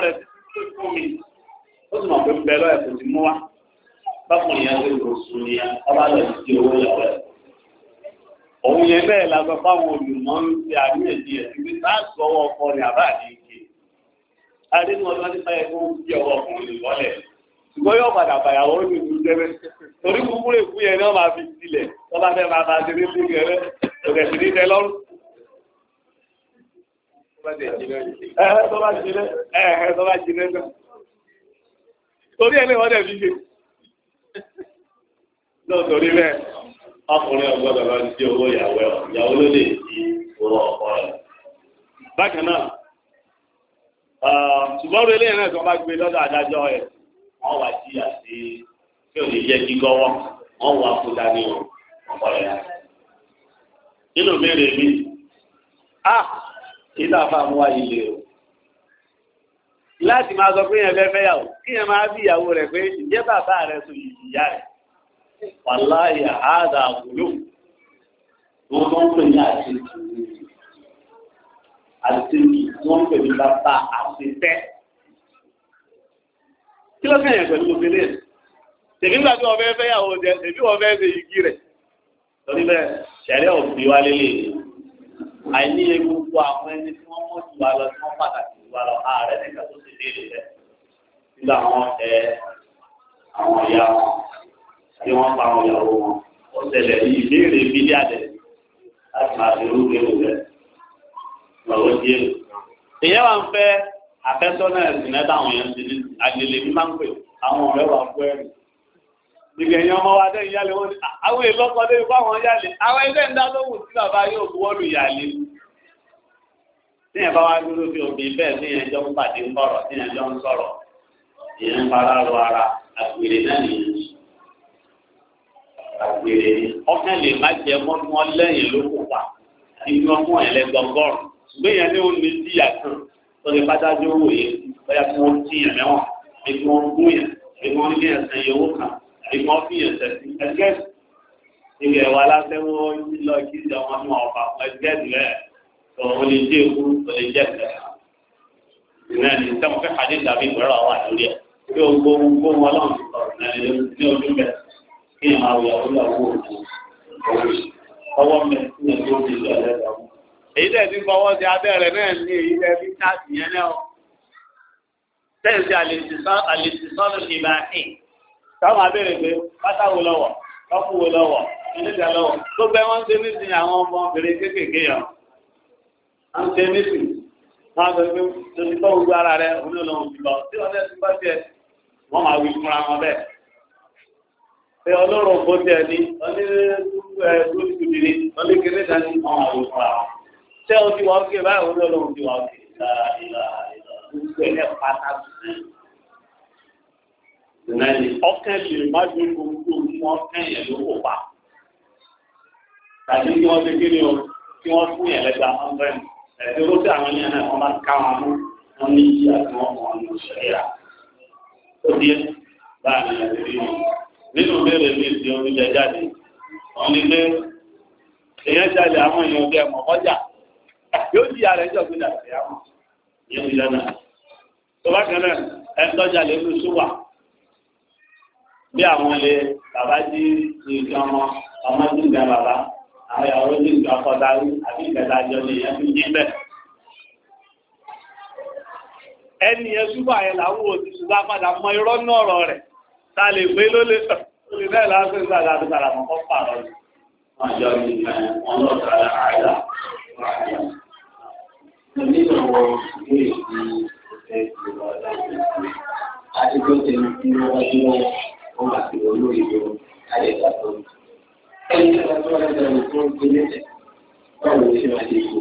rẹ̀ àdínú ọjọ́ nípa ẹ̀kọ́ yẹ ọwọ́ ọkùnrin lọ́lẹ̀ ṣùgbọ́n yóò padà bàyàwó ní ìlú jẹ́rẹ́ torí kúkúrú èkú yẹn náà máa fi sílẹ̀ wọ́n bá fẹ́ máa bá ṣe ní ìlú rẹ̀ ọ̀rẹ́ sì ní tẹ lọ́rùn. ẹ̀ẹ́ tó bá jiná ẹ̀ẹ́ tó bá jiná náà torí ẹ̀ lẹ́wọ́n dẹ̀ fi ṣe. náà torí bẹ́ẹ̀ ọkùnrin ọgbọ́dọ̀ bá ń di owó ìyàwó ìyàwó ló lè di owó ọ̀pọ̀ rẹ̀. bákan náà Um, ṣùgbọ́n orí eléyìí náà tí wọ́n bá gbé lọ́dọ̀ adájọ́ ẹ̀ wọ́n wá sí àti tí ò lè yẹ kí gọ́wọ́ wọ́n wá kó dání o ọ̀pọ̀ rẹ̀. nínú béèrè mi a ilé àfàmù wa yìí o láti máa sọ pé yẹn fẹ́ fẹ́ yàwó kí yẹn máa bí ìyàwó rẹ̀ pé ìjẹ́ bàbá rẹ̀ sùn yìí ìyá rẹ̀ wàláyé àádà àwòlò wọn tó ń pè ní àti àti tèmi tí wọ́n ń pè ní bàbá àṣetẹ́. kí ló kàn yẹn pẹ̀lú gbogbo ilé yẹn tèmi gbà bí ọbẹ̀ fẹ́ yàwó jẹ tèmi ọbẹ̀ fẹ́ igi rẹ̀ lórí bẹ́ẹ̀ sẹ̀rẹ̀ òbí wa lélẹ̀ àìní egungun àwọn ẹni tí wọ́n mọ̀ jù wá lọ tí wọ́n pàtàkì jù wá lọ ààrẹ nìkan tó ti léèrè rẹ̀ nígbà wọn ẹ àwọn ìyá wọn tí wọ́n pa àwọn ìyàwó wọn ọ̀sẹ̀lẹ̀ yìí léèrè bílíàdẹ̀ láti máa fi orúkọ rẹ̀ lọ́wọ́ díẹ̀ èyẹ wà ń fẹ́ àfẹ́sọ́nà ẹ̀sìn náà táwọn yẹn ti ní àgbèlè ní máa ń pè àwọn ọ̀rẹ́ wà fún ẹ̀rù ìgbẹ̀yìn ọmọ wa dẹ́yìn yálé wọn ni àwọn ìlọ́kọ dé ipá wọn yálé àwọn ẹgbẹ́ ń dá lóhùn sí bàbá yóò fi wọ́ọ̀lù yálé tíyẹn bá wá dúró fi òbí bẹ́ẹ̀ tíyẹn jọ ń pàdé ń bọ̀rọ̀ tíyẹn jọ ń sọ̀rọ̀ ìyẹn ń fara lọ ara àgbèrè náà nìyẹn àgbèrè ọkàn lè má jẹ mọ́nú ọlẹ́yìn ló kópa nínú ọmọ ẹ̀lẹ́gbọ̀ngọ́rùn ṣùgbọ́n èèyàn ní òun ní jìyà kan lọ́dẹ pátájú owó yẹn lọ́yà tí wọ́n ti yàn mẹ́wọ̀n àbí kí wọ́n gún yàn àbí kí wọ́n ní yàn san iye owó kan àbí kí wọ́n fi yàn sẹ̀sì ẹgbẹ́ ìgbẹ̀ wa lásẹ̀wọ́ lọ kí ìjà wọn ní wọn fà fún ẹgbẹ́ ìgbẹ́ tó o lè jẹ́ èkú o lè jẹ́ ìgbẹ́ náà ní sẹ́wọ̀n fẹ́ pàdé ìdàbí ìgbẹ́rọ̀ àwọn àlórí ẹ̀ kí o gbó gbó wọn lọ́n ní èyí tẹ̀ sí fọwọ́ sí abẹ́rẹ́ náà ní èyí tẹ̀ sí káàsì yẹn náà tẹ̀sí àlèsìsọ́nù ìgbà ẹ̀ táwọn abẹ́rẹ́ pé pátáwo lọ́wọ́ lọ́kùnwo lọ́wọ́ ẹ̀ẹ́dẹ́gbà lọ́wọ́ tó bẹ́ wọ́n ń ṣe nísìnyí àwọn ọmọbìnrin kéékèèké yẹn wọ́n ń ṣe nísìnyí wọ́n á sọ pé lórí tó gbogbo ara rẹ̀ òun ló lọ́wọ́ jùlọ tí wọ́n tẹ̀sí bá tiẹ̀ wọ́n máa wí fúnra wọn bẹ́ẹ̀ pé ọlọ́run kò tiẹ̀ ní ọlẹ́rẹ́ tó ẹ̀ tó ti tẹ́ o ti wà ó kéré báyìí olú ọlọ́run ti wà ó kéré lára ìlà gbogbo ẹ̀ pátá nàní ọkẹ́ lè má gbé gbogbo wọn kẹ́yìn ló kó pa tàbí kí wọ́n ti kéde o kí wọ́n fún yẹn lẹ́gbà ọ̀nbẹ́n ẹ̀sìn ló ti àwọn yẹn náà wọ́n bá ká wọn mú wọn ní ìyá tí wọ́n mọ̀ ọ́nà ìṣẹ̀lẹ̀ ó díẹ̀ báyìí ní ẹ̀sìn yìí nínú béèrè mi ti oúnjẹ jáde wọ́n ní pé èèyàn jáde àwọn èèyàn bẹ́ẹ̀ mọ̀ ọjà yóò di ara ẹjọ́ gbé náà ṣe àwọn yóò di lẹ́nà. tó bá kan ẹ ń tọ́jà lé lóṣù wà bí àwọn ilé bàbá jí ní ìjọ ọmọ ọmọ jí ìgbà bàbá àwọn ìyàwó jí ìgbà kọtarí àbí ìgbàta àjọ ni ìyẹn fi jí bẹ́ẹ̀. ẹni yẹn ṣùgbọ́n àyẹ̀ làwọn òsì ṣùgbọ́n padà mọ irọ́ náà rọ rẹ̀ ta lè gbé ló lè sọ lè bẹ́ẹ̀ lásán ìgbà àti sàràmọ́kọ́ pààrọ̀ rẹ̀. wọ́n jọ ní ìgbà wọn lọ́ọ̀tà àyà nínú àwọn ìbéèrè tí ó fẹ́ ti wà láti ṣe àtijọ́ tẹnu tí wọ́n wá sí wọn wọ́n máa ti wọ́n lórí ìlú àyẹ̀dá tó ń bọ̀. ẹni tí wọ́n tún wá lẹ́nu tó ń gbé lẹ́sẹ̀ báwo ló ṣe máa ṣe kú.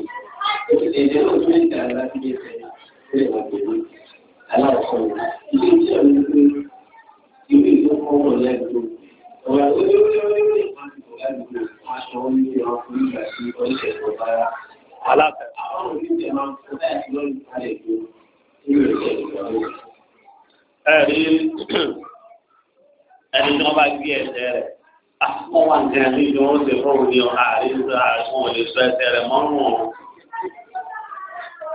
èdè náà tún ń dà láti lè fẹ́ lè wọ́n pẹ̀lú aláwọ̀kọ́ ilé iṣẹ́ mi ń pè ìwé ìfowópamọ́ wọn lẹ́nu ọ̀rọ̀ olóyún alákàtà ẹ̀rí ẹni tí wọ́n bá gbé ẹsẹ̀ rẹ̀ wọ́n wà ní ẹni tí wọ́n ṣe fún òní ààrin ní ààrin wọn sọ ẹsẹ̀ rẹ̀ mọ́rùn ún.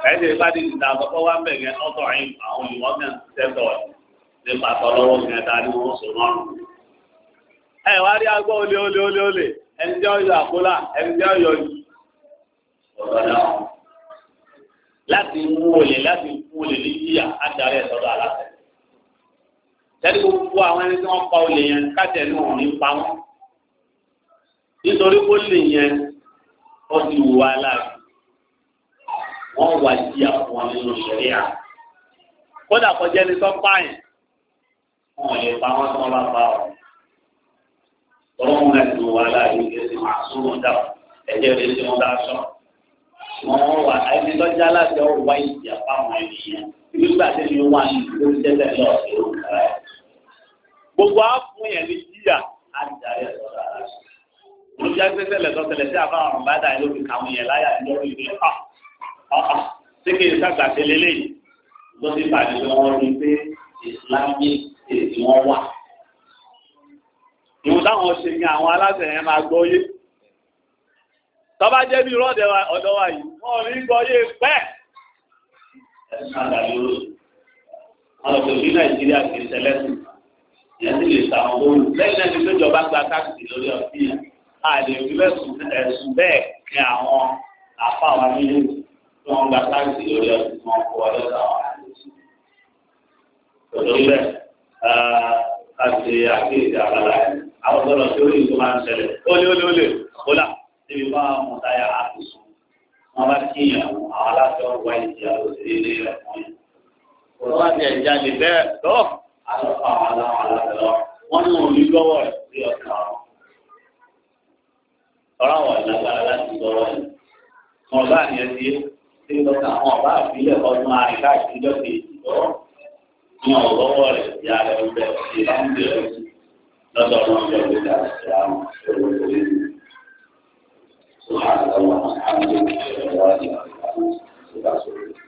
ẹ̀ẹ́dẹ̀ ìbádìí ti ta àkọ́kọ́ wá bẹ̀rẹ̀ ọ̀tọ̀ yìí àwọn olùwọ́ kan tẹ́tọ̀ nípa àtọ̀lọ́wọ́ kan ta ni wọ́n sọ mọ́rùn. ẹ wá rí agbọ́ olè olè olè olè ẹni tí wọ́n yọ àkólà ẹni tí wọ́n yọ yìí. ọ̀rọ̀ náà láti mú olè láti mú olè ní yíyà adarí ẹ̀sọ́dọ̀ aláṣẹ. Tẹ́lẹ̀ gbogbo àwọn ẹni tí wọ́n pa olè yẹn kájẹ̀ ní òun ní pa wọ́n. Nítorí pé olè yẹn ó ti wù wá láàrin. Wọ́n wà jíyà fún wọn nínú ìṣẹ̀lẹ̀ à. Kódà kọjá ẹni tó pààyàn, wọ́n lè pa wọ́n tí wọ́n bá pa ọ̀. Ọlọ́run náà ti wù wá láàrin ìgbésí dà ẹ̀jẹ̀ rẹ̀ ti wọ́n dá wọn wà ẹni lọ́jà láti ọ̀ wá ìjà fáwọn ènìyàn nígbà tí mi wà ní ìlú tẹ́lẹ̀ lọ sí òkúta ẹ̀. gbogbo àfún yẹn ní jíyà á ti darí ẹ̀sọ́ rárá. olùjá tẹ́tẹ́ lẹ̀sọ́ tẹ̀lẹ̀ sí àbá àrùn bá dàí lórí kàwọn yẹn láyà ní lórí ìwé ọ̀ ọ̀ ṣé kí n sàgbà ṣe lélẹ̀ yìí ló ti bàjẹ́ pé wọ́n rí pé ìsìlámì èdè wọn wà. ìwọ̀n táwọn ṣe ni àwọn aláṣẹ yẹn máa gbọ́ yé tọ́bá jẹ́ bí rọ́ọ̀dẹ̀ ọ̀dọ̀ wa yìí wọ́n rí gbọ́ yé pẹ́. ẹ̀sìn àdàlú àwọn òṣèlú nàìjíríà kì í ṣẹlẹ́sìn ìyẹn sì lè sàwọn ohun lẹ́yìn náà ti gbéjọba gba táàkì lórí ọtí yẹn a lè fi ẹ̀sùn bẹ́ẹ̀ kí àwọn àfa wa nílé tí wọ́n gba táàkì lórí ọtí tí wọ́n kó ọdọ́ sáwọn àlejò. òṣèlú bẹ́ẹ̀ a ti àkéèdè àbálá yẹn àwọn ọ̀dọ́ lọ sí orí ìtò máa ń ṣẹlẹ̀ ó lé ó lé ó lé ó là tí o bá mú táyà àkóso wọn bá kí ìyàwó àwọn aláṣẹ ọgbà ìdí àlòsí ilé rẹ̀ fún yìí. òun wá jẹ ìjáde bẹ́ẹ̀ tó. àlọfà àwọn aláwọ aláṣẹ lọ wọn ní òun ní lọ́wọ́ rẹ̀ sí ọsàn àwọn. ọ̀rọ̀ àwọn ìlàgbára láti sọ̀rọ̀ yìí. wọn bá ní ẹsẹ̀ tí ó ta àwọn ọba àfilẹ ọdún àríkà ìjọ kejì lọ́wọ́ ní ọlọ́wọ́ rẹ̀ sí ààrẹ ọgbẹ ìbámu bẹ̀rẹ̀ lọ́dọ̀ ọlọ́run ọjọ́ ìgbésẹ̀ àti àwọn olùkọ́ سبحانك اللهم وبحمدك لا اله الا انت